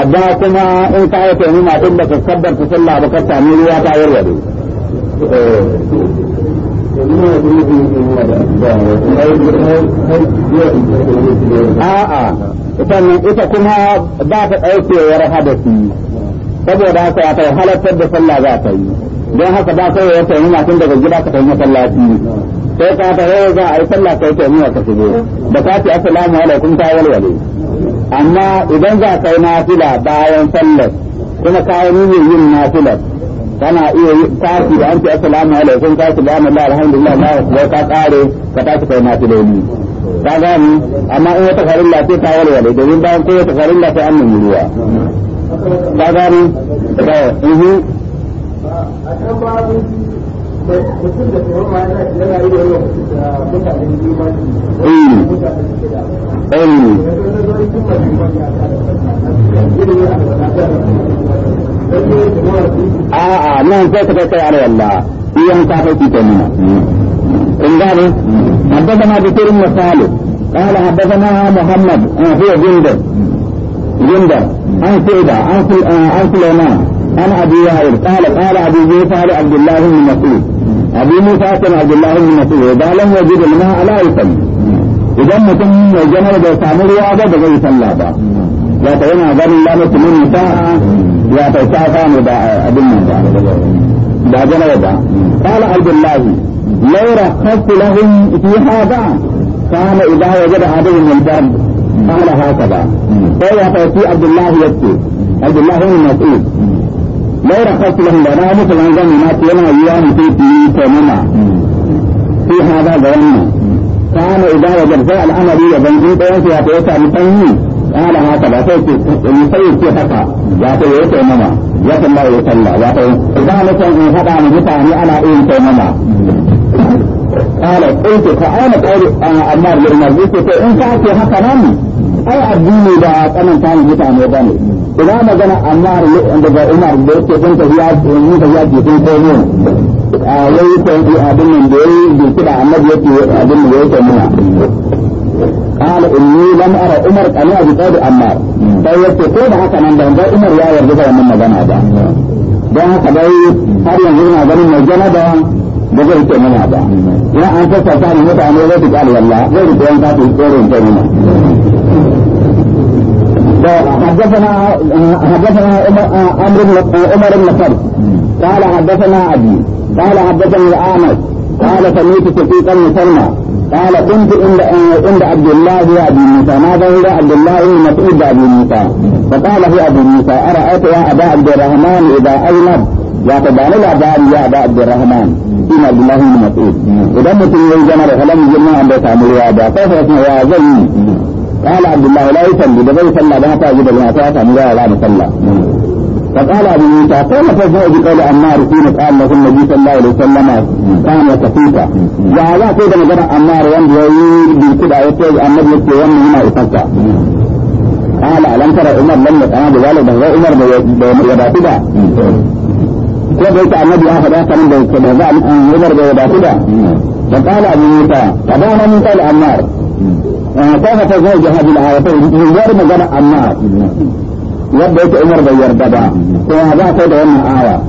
amma kuma in ka yi in ba ka ta sallah ba ka sami ruwa ta warware a'a sannan ita kuma ba ta ɗaukewar hadasi saboda haka ya kai halartar da sallah za ta yi don haka ba sai ya tayi ma tun daga gida ka tayi masallaci sai ka ta yau za a yi sallah kai ta nuna ka shigo da ka ce assalamu alaikum ta walwale amma idan za ka yi nafila bayan sallar kuma ka yi yin nafilar kana iya tashi da an ce assalamu alaikum ka ci bana la alhamdulillah Allah ya ka kare ka tashi kai nafiloli ka gani amma in wata farilla sai ta walwale domin bayan ko wata farilla sai an nemi ruwa ka gani da ihu a'a nan sai suka kai a Allah iyan kafafi ta nuna kun حدثنا بكير بن قال حدثنا محمد آه، هو جندب جندب عن سيدة آه، عن سليمان عن ابي وائل قال قال ابي موسى لعبد الله بن مسعود ابي موسى كان عبد الله بن مسعود اذا لم يجد الماء لا يصلي اذا متم جمل بيسامر وابد غير صلى يعطينا غير الله من نساء يعطي سافا مباعا أبن مباعا بعدنا وضع قال عبد الله لو رخصت لهم في هذا قال إذا وجد هذه من الباب قال هكذا فهو فيه عبد الله يكتب عبد الله هو المسؤول لو رخصت لهم بعد هذا فلن ظن ما تينا وياهم في تيمنا في هذا ظننا قال إذا وجد فعل أنا لي بنجيب أنت يا بيتا مطمئن kala haka ba sai ce in sai ce haka ya ta yi mama ya san ba ya san ba ya ta yi da na san in hada ni ana yin sai mama kala sai ce ka ana kai amma yarma ni ce in ka ce haka nan ai addini ba kanan ta mutane ba ne ina magana amma da ina da ke san ta ya ni ta ya ke san ko a yayi sai abin nan da yayi da kida annabi yake abin da yake muna قال إني لم أرى عمر أنا أبي طالب عمار طيب تقول حتى من ده عمر يا يرجع من مجانا ده ده هكا هل ينزل مجانا من مجانا ده ده زي كمنا ده يا أنت ستعني متى أن يلوك قال والله غير بيان كاتي يقولون كمنا حدثنا حدثنا عمر بن عمر بن فرد قال حدثنا ابي قال حدثني الامش قال سميت شقيقا مسلمى قال كنت عند عند عبد الله ابي موسى ماذا عند عبد الله بن مسعود ابي موسى فقال في ابي موسى ارايت يا ابا عبد الرحمن اذا اينب يا تبان العباد يا ابا عبد الرحمن ان عبد الله بن مسعود اذا متن الجمر فلم يجمع عند تعمل يا ابا كيف اسمع يا زين قال عبد الله لا يصلي بغير صلى بها تاجد لما تعمل يا لا مصلى فقال أبو موسى قال فزوج بقول عمار حين قال له النبي صلى الله عليه وسلم كان كفيفا وعلى كيف نجرى عمار ينبغي بالكدى يقول النبي يقول هنا يفكر قال ألم ترى عمر لم يقنع بذلك بل عمر يباتي ده ko أن yake annabi آخر آية من sanin da yake da za a an Umar bai wadatu da da kana Abu Musa tabana min qala Ammar kana وبيت عمر بير بابا وهذا قد عمى آوى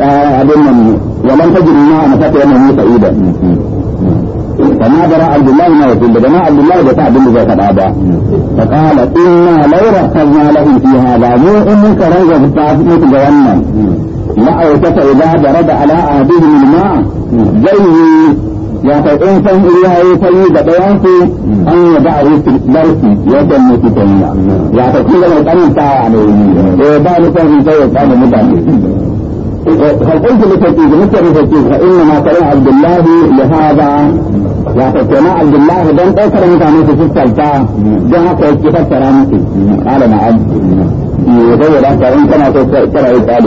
آه، أبن ولم تجد ما أنا فاتي أمه موسى إيدا فما برا عبد الله ما يقول لك ما عبد الله بتاع بن زيد بابا فقال إنا لو رقصنا له في هذا مو أمك رجع في التعافي متجنن لا يتسع إذا برد على من الماء زي wato in san iya yi fari da ɗayan في an yi da a yi darsi yadda ne su kan yi wato kun da mai tsarin tsaya ne yi ba ni san yi sai ya tsaya mutane فقلت لتركيز مثل لتركيز فإنما كان عبد الله لهذا وفكنا عبد الله دون أكثر من كان في السلطة جاء كيف فكر أنت قال نعم يغير أكثر إن كان ترى يقال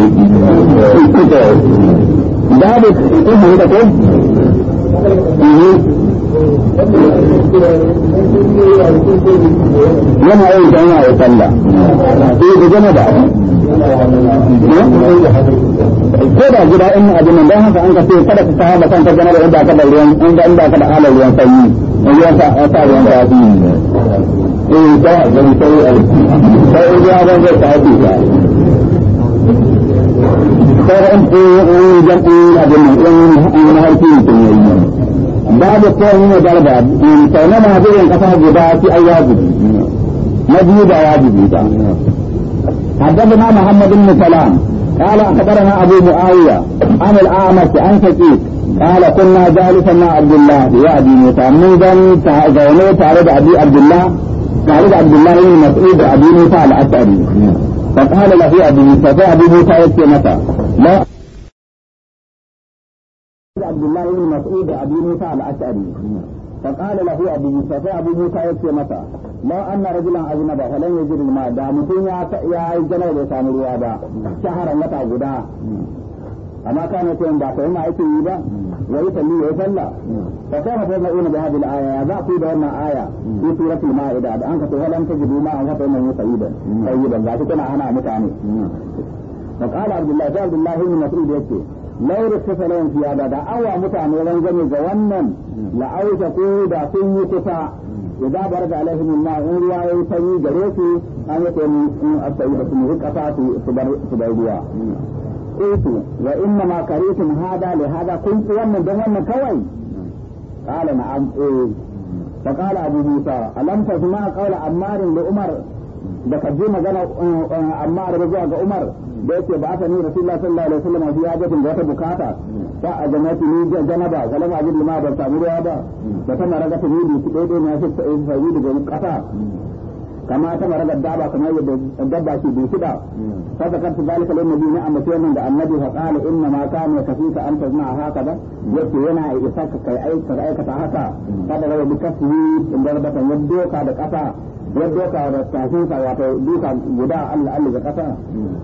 باب إيه yana yin kan yawa sallah eh ku gama da ko da gida in abin nan don haka an ka ce kada ka sahaba kan ka gama da inda ka da ruwan inda inda ka da halar ruwan sanyi ruwan sa sa ruwan zafi eh ta gani sai a sai ya ban zai ta haɗu ka sai in ko in jam'in abin nan in in harfi kun yi باب الثاني ضربة ما هذه انقطع جباتي أي واجب مجيد واجب حدثنا محمد بن سلام قال أخبرنا أبو معاوية عن الأعمش عن شقيق قال كنا جالسا مع عبد الله وأبي موسى ميزا زوني تعرض أبي عبد الله تعرض عبد الله بن مسعود أبي موسى الأشعري فقال له أبي موسى فأبي موسى يبكي متى لا Abdullahi bin Musa al-As'ari. Fa qala lahu Abu Musa fa Abu masa la anna rajulan aznaba fa lam yajid al-ma ya ya yi janar da ruwa ba shahara mata guda. Amma kana ce ba ta yi yi ba wa yi talli ya salla. Fa kana fa na ina da hadil aya ya za ku da wannan aya fi suratul ma'ida da an ka ce lauri kusa lawan da awa mutane rangwame ga wannan la'auta ko da sun yi kusa ya zabar da alaihim ma in ruwa yayi sanyi gare su an yi tsayi in asali da sun rika su su bar ruwa kuntu wa inna ma karitum hada li hada kun wannan don wannan kawai kala na amfani. fa kala abu musa alam tasma qawla ammar li umar da kaji magana eh, amma da zuwa ga Umar da yake ba aka ni Rasulullah sallallahu alaihi wasallam fi hajatin da wata bukata ta a jannati ni janaba kalam ajin lima ban samu ruwa ba da ta maraga ta rubi ki da na shi sai sai daga kasa kama ta maraga daba kamar yadda dabba ke bi shida fa ka kanta zalika lin nabi na amma sai da annabi fa qala inna ma kana kafika an tazna haka da yake yana isa ka kai aikata haka kada ga bi kasbi in da ta yaddo ka da kasa yadda ka da tafi sa wato duka guda Allah Allah ga kasa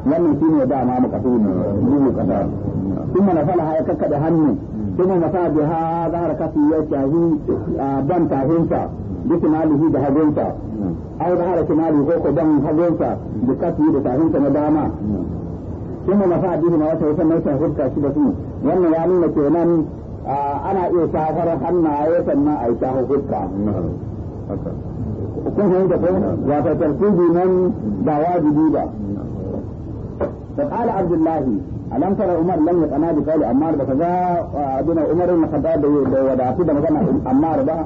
wannan shine da ma mu kasu ne kasa kuma na fala kakka da hannu kuma masa biha zahar kafi ya tafi ban tafin sa duk malihi da hagun sa ai zahar kimali ko ko ban hagun sa da kafi da tafin sa na dama kuma masa biyu na wata wata mai tafin shi da su wannan ya nuna kenan ana iya shafar hannaye sannan a yi shafar fuska kun hanyar da kai ba ta tarfi dinan ba wajibi ba fa qala abdullahi alam tara umar lam yaqana amma qawli ta za a abuna umar al-khattab da yau da wada fi da magana ammar ba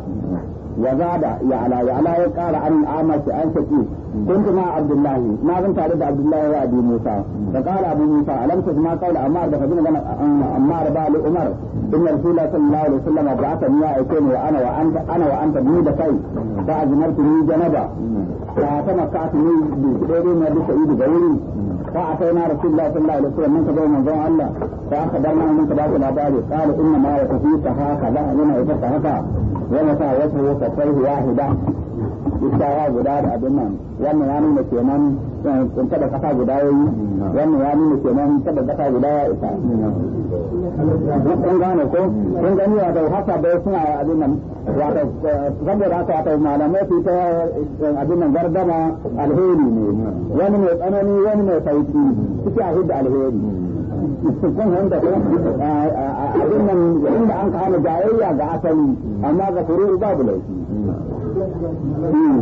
ya zada ya ala ya ala ya kara an amma ki an saki kun kuma abdullahi na zan tare da abdullahi ya abu musa da kara abu musa alam ta kuma kawai amma da fadin gana amma da ba ali umar din rasulullah sallallahu alaihi wasallam ba ta niya ai ko wa ana wa anta ana ni da kai ba azmar ni janaba ta ta makka ni bi dai ne da sai da wuri fa ataina rasulullah sallallahu alaihi wasallam manzo manzon Allah fa aka bar mana manzo bashi labari qala inna ma yatafiqa haka da yana yi haka wa ma sa wasu wasu sai wahida istara guda da abin nan wannan ya nuna kenan in eh, kada kafa guda yayi wannan ya nuna kenan kada kafa guda ya isa kun gane ko kun gani wa da haka bai suna abin nan wato eh, saboda haka wato malamai su ta eh, abin nan gardama alheri ne wani mai tsanani wani mai sauki suke a hidda alheri kun san da abin nan inda an kawo jayayya ga asali amma ga furu babu laifi hmm.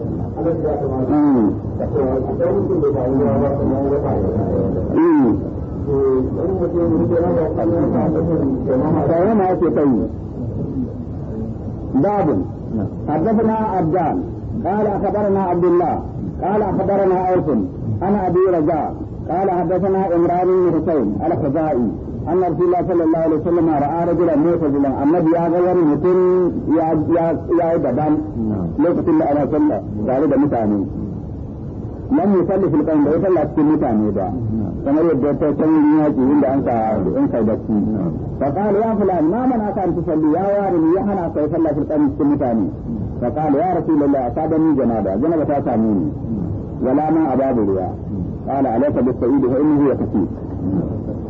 ما ake kai babu hadathana abdan qala akhbarana abdullah qala akhbarana aufun ana abi raja qala hadathana imran bin husayn al-khazai an narfi la sallallahu alaihi wasallam ra rajulan mutazilan annabi ya ga wani mutum ya ya ya yi daban lokacin da ana sallah tare da mutane lam yusalli fil qaum da yusalla cikin mutane ba kamar yadda ta can yin yaki inda an ka an ka da su fa qala ya fulan ma man aka an tusalli ya wani ya hana sai sallah fil qaum cikin mutane a qala ya rasulullahi asadani janaba janaba ta sami ni wala ma ababu riya qala alaka bis sa'id fa innahu yakfi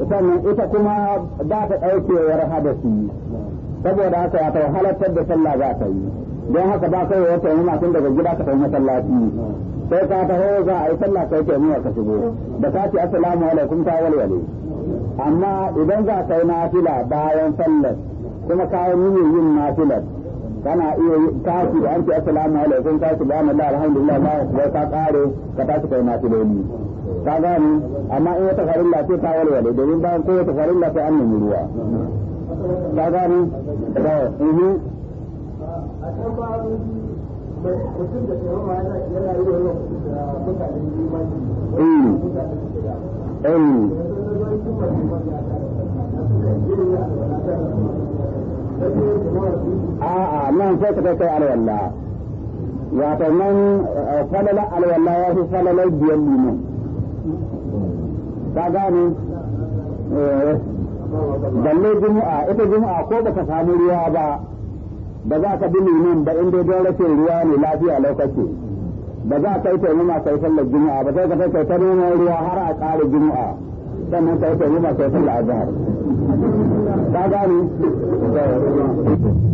sannan ita kuma ba ta ɗaukewar hadasi saboda haka ya tau halartar da sallah za ta yi don haka ba kai wata yi masu daga gida ka kai masallaci sai ka ta taho za a yi sallah kai ke ka shigo da ka ce assalamu alaikum ta walwale amma idan za ka yi nafila bayan sallar kuma ka yi yin nafilar kana iya tashi da an ce assalamu alaikum ka ce bana la alhamdulillah ba ya ta kare ka tashi kai na tiloni ka gani amma in wata farin lafiya ta walwale domin bayan ko wata farin sai an nemi ruwa ka gani da Eh. a'a nan sai ka kai alwala wato nan eh, falala alwala ya fi falala biyar liman ka gane eh, balle jumu'a ita jumu'a ko baka samu ruwa ba ba za ka bi liman ba inda don rashin ruwa ne lafiya lokaci ba za ka yi ma kai sallar jumu'a, ba sai ka kai taimama ruwa har a kare jumu'a, sannan kai taimama kai sallar azhar 大家理解对吧？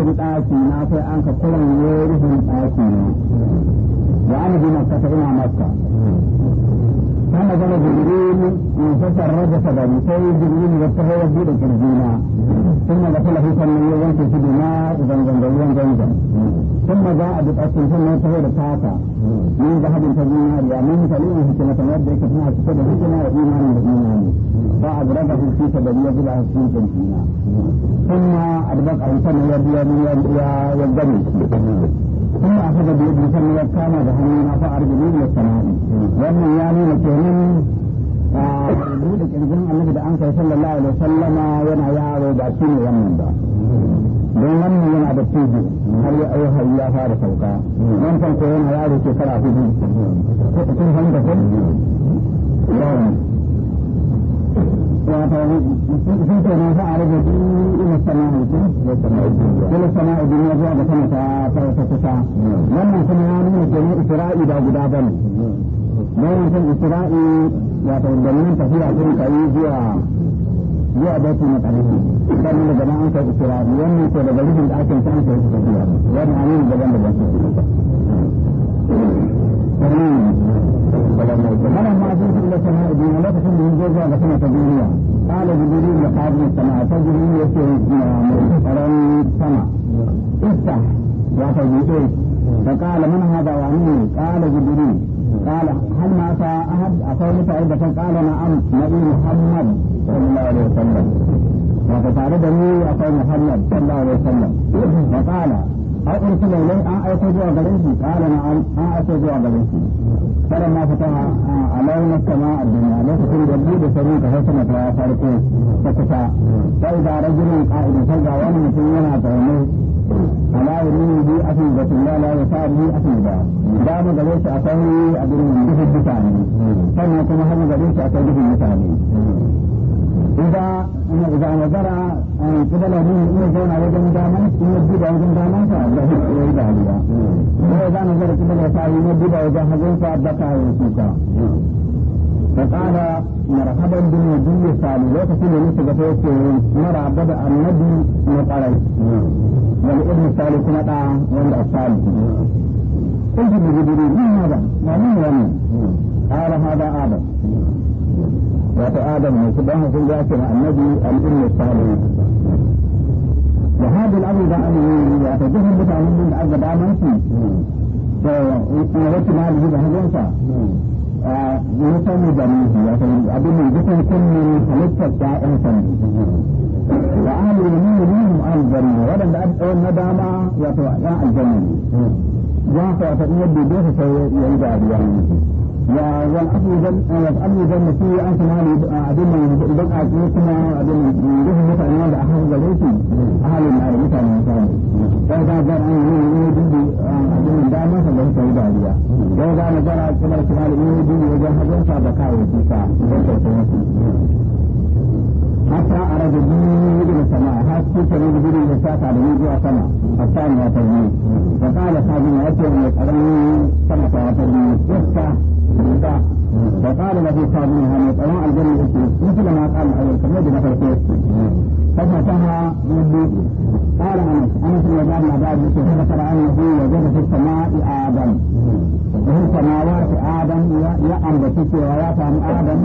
cikin ɗaki na sai an ka kuran rufin ɗaki na wa an gina kasa ina makka ta magana jibril in fasarrafa sabani sai jibril ya taho ya bude kirjina kuma da kala hisan ne wanke shi na zanzan da ruwan zanzan kuma za a duka sun sannan taho da fata ni da hadin ta zinariya min talin hikima ta yadda yake tana cike da hikima da imani da imani ba a gura da hukki sabani ya bila hukki kirjina kuma a duka sun sannan ya biya ya gani ثم أخذ بيده ثم كان ظهرنا فأرجو من السماء ومن يعني لكهنين buɗe ƙirgin annabi da an kai sallallahu alaihi sallama yana yaro ba shi ne wannan ba don wannan yana da tudu har ya ayi ya fara sauka nan kan ko yana yaro shekara hudu ko kun san da وتوفيقنا فأعرض إلى السماء إلى السماء الدنيا جاء بسنة فتتسع لما سمعنا من الجميع إسرائي دا جدابا لا يمكن إسرائي وتوضمين تفير أسرائي كأي جوا جوا بيت المطعيم كان من جماعة إسرائي ومن تدبلهم الأكل كان سيستطيع ومن عمين جبان بجانب الكريم ولما جئت الى سماء الدنيا لا تكن به زوجها لكن تدينها قال جبريل لقاضي السماء تجري يسير الدنيا قرن السماء افتح فقال من هذا وامين قال جبريل قال هل مات احد اقامت عدة قال نعم، نبي محمد صلى الله عليه وسلم وتطاردني اقام محمد صلى الله عليه وسلم فقال a ɗauki lailai an aiko zuwa garin shi ƙara na an aiko zuwa garin shi kada ma fita a launin sama a duniya lokacin da buɗe sarin ka sama ta farko ta kusa sai da rajulun ƙa'idin sai ga wani mutum yana zaune a layin yin bi a da zaton lala ya sa bi a cikin da. da mu gare shi akwai a gurin dukkan mutane sannan kuma har gare shi akwai dukkan mutane إذا إذا نظر قبل أبيه يكون على جنب دامن يجب على جنب دامن فأبدأه إليه بعدها وإذا نظر قبل يسعي يجب على جهزه فأبدأه يسوكا فقال مرحبا بالنبي الصالح لا تكون مثل بطيئة مرحبا النبي مطري والابن الصالح نقع والأصالح قلت بجبريل ما هذا؟ ما من قال هذا آدم ذات آدم وسبحانه في الآخرة النبي الأم الصالح وهذا الأمر بأنه يتجهد بتعليم من عز بعض فإن وقت ما لديه بهذا أنسى ويسمي جميعه يقول أبو من جسم كل من خلقك دائما وآمر من منهم عن الجميع ولم أدعو ندامة يتوعياء الجميع وآخر فإن يبدو بيه سيئي عباد وآمر wa al'adu zan mafi an kama ne a abin mai idan a ce kuma abin rufin mutane wanda a hannun gare su a halin na rubuta ne ta ne kai ga ga an yi ne dubu a cikin dama ta da ta yi dariya kai ga na gara kuma da kuma ne dubu wajen hajjar sa da kawai su sa idan ta ta yi hatta a rage duniyoyi da sama ha su ta rage duniyoyi da sata da ne zuwa sama a sami ya ta yi da kala ta zuwa ya ce mai karami sama ta ya ta yi فقال الذي صار منها من طلاع الجنة مثل ما قال الأول كما يجب فرقه ففتها من قال أنس أنس وجاب بعد ذكر فذكر أنه وجد في السماء آدم من سماوات آدم يأم بسيطة ويأم آدم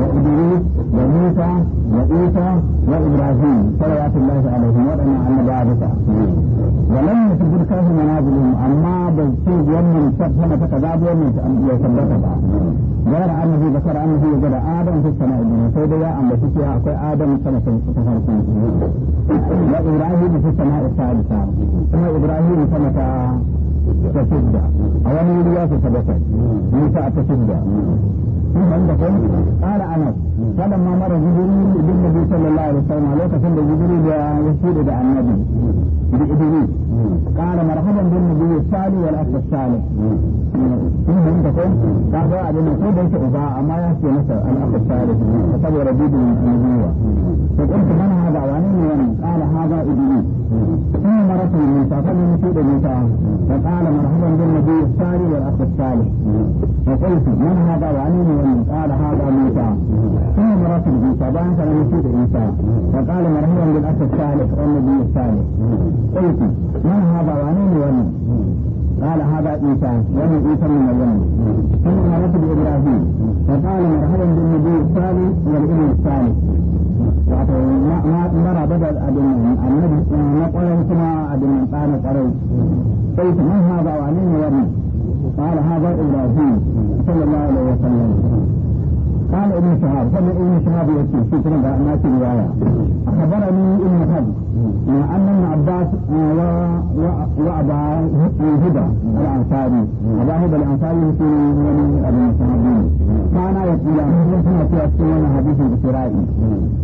وإدريس وموسى وإيسى وإبراهيم صلوات الله عليهم وأنا عن بعضك ولم يسجد كيف منازلهم أما بالسيد يمن سبحانه فتذاب يمن يثبتها غير أنه ذكر أنه وجد آدم في السماء الدنيا سيدة يأم بسيطة أقول آدم سنة تفرقين وإبراهيم في السماء الثالثة ثم إبراهيم سنة ta fidda a wani wuri ya fita bakwai nisa ta fidda قال انس فلما مر جبريل بالنبي صلى الله عليه وسلم عليك فند جبريل يسير الى النبي بإبريل قال مرحبا بالنبي الصالح والاخ الصالح انت كنت بعد واحد من كل بيت اباء ما يحكي مثلا الاخ الصالح فقد رديد من النبوه فقلت من هذا وانني وانا قال هذا ابريل ثم مرت موسى فلم يسير موسى فقال مرحبا بالنبي الصالح والاخ الصالح akwai su yin haɗa ba ne ne wani ƙada haɗa Musa sun mara su da Isa bayan sa rami su Isa da mara hiyar na biyu sale kai su yin haɗa ba ne ne wani ƙada haɗa Isa wani Isa da Ibrahim da ƙada mara hiyar da na biyu sale da na biyu sale mara ba na ƙwarar kuma abin ɗana ƙwarar قال هذا إبراهيم صلى الله عليه وسلم قال ابن شهاب فمن ابن شهاب يكتب في كتب ما في رواية أخبرني ابن حزم أن ابن عباس وأبا هدى الأنصاري أبا هدى الأنصاري في من المسلمين كان يقول أنه سنة يكتبون حديث بسرائي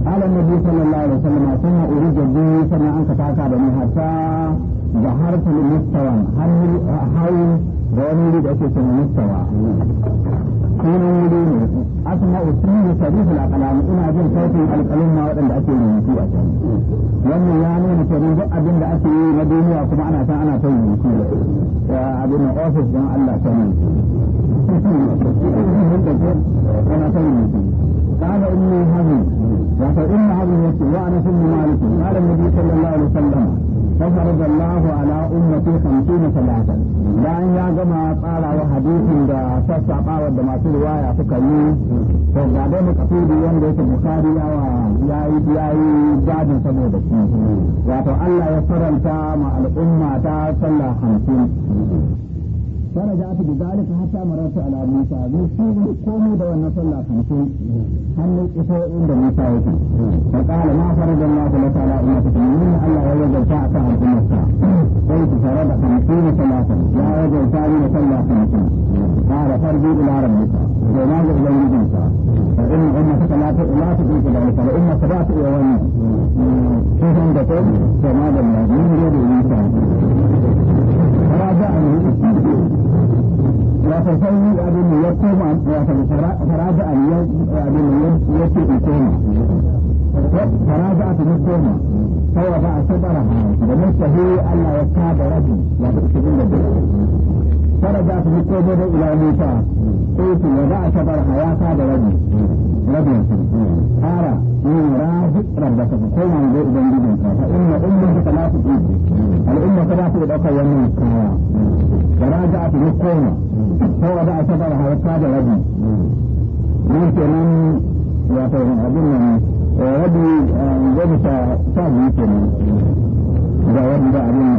قال النبي صلى الله عليه وسلم ثم أريد به سمع أنك تعتبر منها da harfin mustawa hayu da wani wuri da ake mustawa sunan wuri ne asma ina jin sautin alƙalumma waɗanda ake rubutu a can wannan ya nuna cewa duk abin da ake yi na duniya kuma ana san ana ta rubutu abin na ofis don Allah ta ana rubutu قال إني هذه وقال إن هذه وأنا ثم مالك قال النبي صلى الله عليه وسلم ففرض الله على أمتي خمسين صلاة bayan ya gama tsarawa hadisin da sassaɓawa da masu riwaya suka yi to ga dai makasudi wanda yake bukari yawa yayi yayi jadin saboda shi wato Allah ya faranta ma al'umma ta sallah hamsin wani ja ta bizari ta hata marasu ala Musa zai shi komi da wannan sallah kamfe hannu iso inda Musa ya ta ta na fara da na ta la'in na fitin yin Allah ya yi zarta a kan al'ummarsa sai ta fara da kamfe na sallah ya yi zarta ne na sallah kamfe ta da farbi ila rabbi ta zai na zai zai rubin ta ta ina ina ta kama ta ina ta duka da alfa da ta ta iya wani sun san da ta ta ma da ma yin gobe Musa. Ara da alhuri wato sai abin da ya koma wato faraja a ya abin da ya ce in koma faraja a tuni koma sai wa ba a sabara da mutahi Allah ya kada rabi wato cikin da kada za su fito da da ila musa sai su ya za a tabar hayata da rabi rabin su ƙara yin rafi ko su koma ga ubangijin ka fa inna umma ta la su ɗauki al'umma ta za su ɗaukar wannan kaya da raja a fito koma sai wa da a tabar hayata da rabi mun kenan wato abin nan eh, rabi ta eh, ta biyu kenan ga wanda abin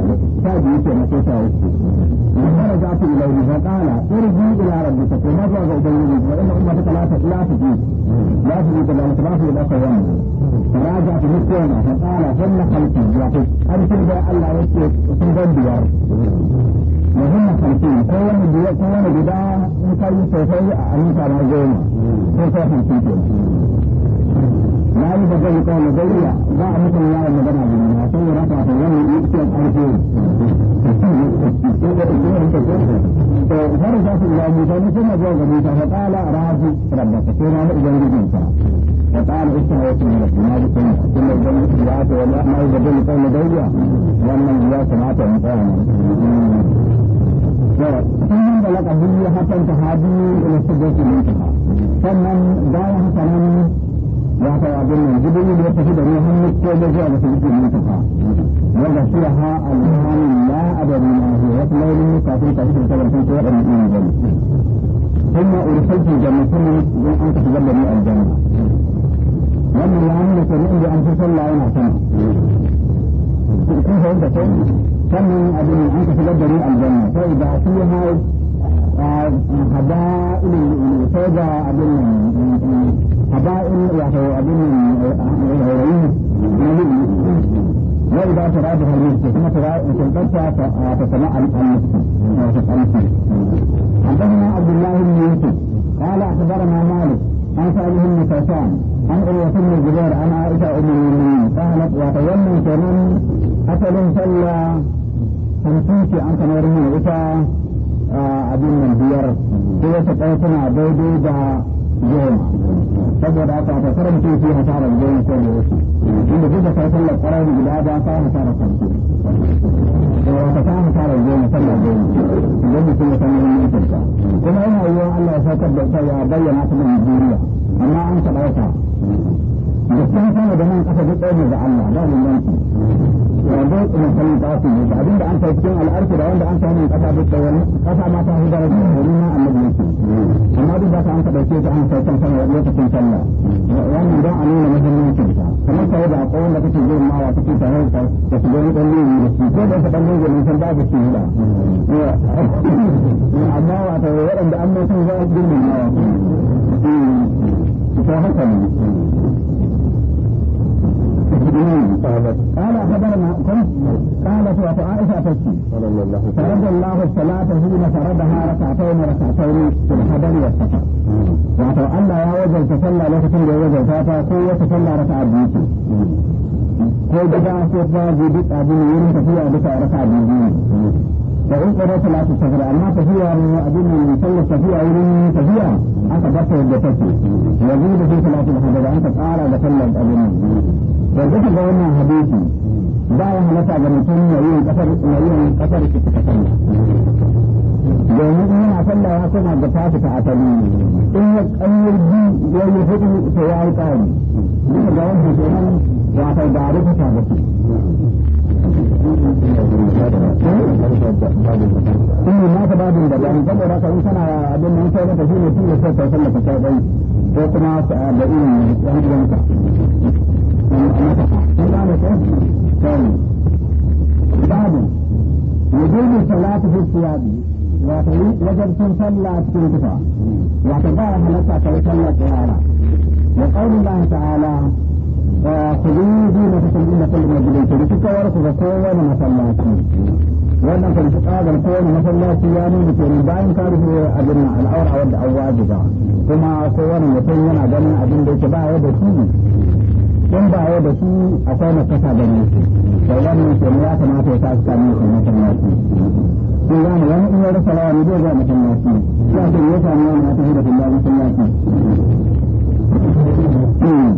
ta biyu ke na sai ta uku wa kana za ta ilahi fa qala irji ila rabbika fa ma ga ubangiji wa inna ummata la ta la ta ji la ta ji kana ta ba da sawan raja ta mutuna fa qala sanna khalqi ya an arsil da Allah yake sun ban biyar wa hunna khalqi ko wani biyar ko wani guda in yi sosai a aminta na goma sai sai khalqi na yi da zai kawo lagariya ba a mutum ya yi magana da ni wasan yi rafa ta wani ikiyar arko to har za su ila musa ni zuwa ga na idan gidin sa fa qala istawatu rabbi ya ta na yi da zai kawo wannan ya kamata in tsaya sannan da laƙabi ya hatanta hadi ila sannan bayan ya ta abin nan jibril ya tafi da ruhun mutuwa da zuwa ga sabbin mutaka wanda shi ha alhamin la adari ma huwa wasu launin kafin kafin da tabbata ko wadannan ɗin gani ثم أرسلت جنة من أن تتجلى الجنة wannan ya nuna ke nan da an fi sallah yana sama kun fahimta ko sannan abin an ka shigar da ni aljanna sai da su ya hada ilin sai da abin قبائل وأبن العيد وإذا ترادها المسجد ثم تنقطع فتسمع المسجد حدثنا عبد الله بن يوسف قال أخبرنا مالك عن سأله بن كيسان عن عروة بن الزبير عن عائشة أم المؤمنين قالت وتيمم كمن أكل صلى تمشيش عن تنورهم إذا أبن البير هي تقيتنا بيدي goma saboda haka ta fara mutum sai hasarar ko da wasu inda duk ta sallar kwarar guda ba ta hasarar farko wata ta hasarar goma sallar goma idan mutum ya san yin kyauta kuma yana yiwuwa Allah ya saukar da ta ya bayyana ta da Najeriya amma an taɓa ta da ƙasa duk ɗaya da Allah ba yanzu kuma sanin ta su ne abinda an kai cikin al'arki da wanda an samu kasa duk da wani kasa ma ta fi daraja domin na annabi yake amma duk da ta an ka dauke ta an kai kan sallah lokacin sallah wannan don a nuna muhimmancin ta kamar kai da akwai wanda kake zuwa ma wa kake tare da da su gani ɗan lulu da su ko da ka dan lulu ne san babu su da amma wa ta waɗanda an mai san za a dinga ma wa ta haka قالت قال أخبرنا قال سورة عائشة أفتي فرد الله الصلاة حين فردها ركعتين ركعتين في الحضر والسفر وقال ألا يا وجل تصلى لك تنجي وجل فاتا قوة تصلى ركع بيتي قوة بدا سورة جيبت أبو يرم تفيع بك ركع بيتي فإن قرأ صلاة السفر أما تفيع أبو يرم تصلى تفيع يرم تفيع أنت بطل بطل وزيد في صلاة الحضر أنت قال لك الله أبو yanzu ka ga wannan hadisi ba ya halatta ga mutum ya yi kasar ya yi kasar ki ta kasan domin yana sallah ya kuma ga tafi ta asali in ya kanyar bi ya yi hudu to ya yi tsari duka ga wannan kenan ya kai da rufe ta da Ina na ta babin da ban saboda ka in kana abin nan sai ka shi ne tun da sai ta sallaka ta dai ko kuma ah, da irin yan gidanka babu wujudu salatu fi siyabi wato wajabcin sallah cikin tufa wato ba ya halatta kai sallah tsirara wa qawlu Allah ta'ala خذوا زينتكم عند كل مسجد تركك وركب كون مسلاتي wannan kan fi tsagar kowane masallaci ya nuna kenan bayan ka rufe abin al'aura wadda an wajiba kuma kowane mutum yana ganin abin da yake ba ya da shi don ba yau da su akwai na kasa da ne da wannan ke ya kamata ya tashi su shi na tallafi ko ya ne wani in ya rasa rawa ne zai ga na tallafi ya ce ya samu wani na tafi da kuma na tallafi Mm.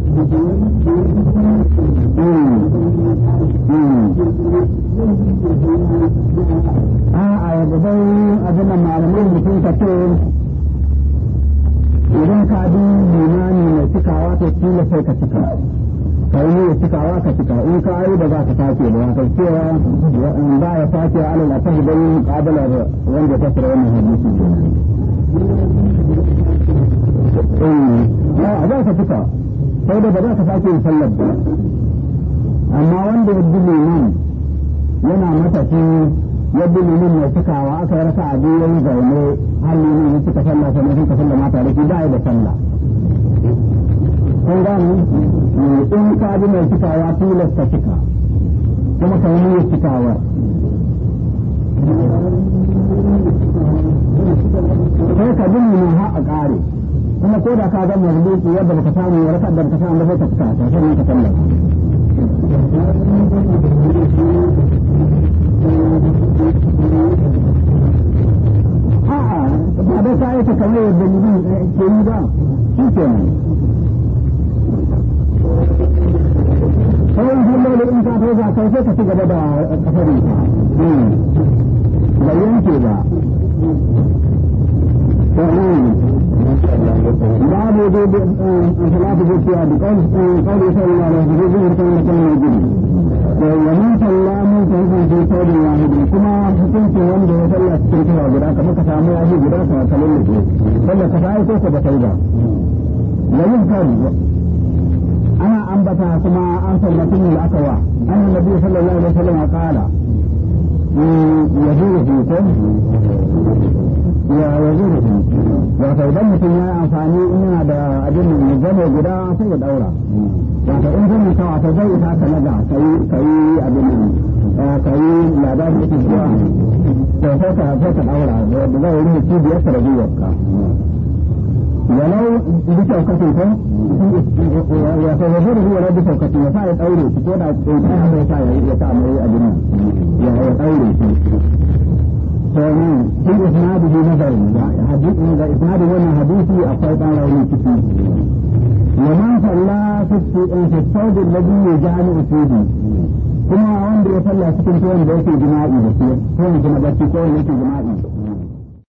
a'a yadda
dai abin da malamai mutum ka ce idan ka bi limani mai cikawa to kila sai ka cika ka yi mai cikawa ka cika in ka yi ba za ka sake cewa ba ya sake alal wanda ta tsira hadisi Eh, za ka sai da ba za ka sake yin sallar ba amma wanda ya bi nan yana matafi ya bi nan mai cikawa aka yi rasa abin yayi zaune har limin ya cika sallah sai mutum ka sallah mata da shi ba da sallah kun gani in ka bi mai cikawa tilasta cika kuma ka yi cikawar sai ka bi nan har a ƙare kuma ko da ka ga mazluki yadda baka samu ya rasa da baka samu ba sai ka ta sai ka tallafa a'a ba da ta ta kamar yadda eh, ke yi ba shi ke nan kawai da in ka kai za sai ka ci gaba da kafarin eh, ka hmm. ba yanke ba باب وجود خلاف الزكاة بقول قول صلى الله عليه وسلم كان كان موجود ومن صلى من كان في صوب واحد كما حكمت وند وصلى كنت غدا كما كسامو اهي غدا فصلى لك صلى كفايه كيف بتوبه ويذكر انا انبتا كما ان صلى الاكوا ان النبي صلى الله عليه وسلم قال يجوز ya yanzu da wato idan mutum ya yi amfani ina da abin mai zama guda sai ya daura wato in zan ta wato zai isa ka naga kai kai abin kai labari yake zuwa to sai ka sai ka daura da zai yi ci biyar ta rabu wakka walau bisa kafe ko ya ta wajen da wala bisa kafe ya sa ya daure shi ko da ko ta ya sa ya sa mai abin ya ya daure shi sauran sun isnadu ne na zai hadisi da isnadu wannan hadisi akwai ɗan rauni ciki ومن صلى في kuma wanda ya falla cikin tuwon da yake jima'i
da shi ko kuma bacci ko yake jima'i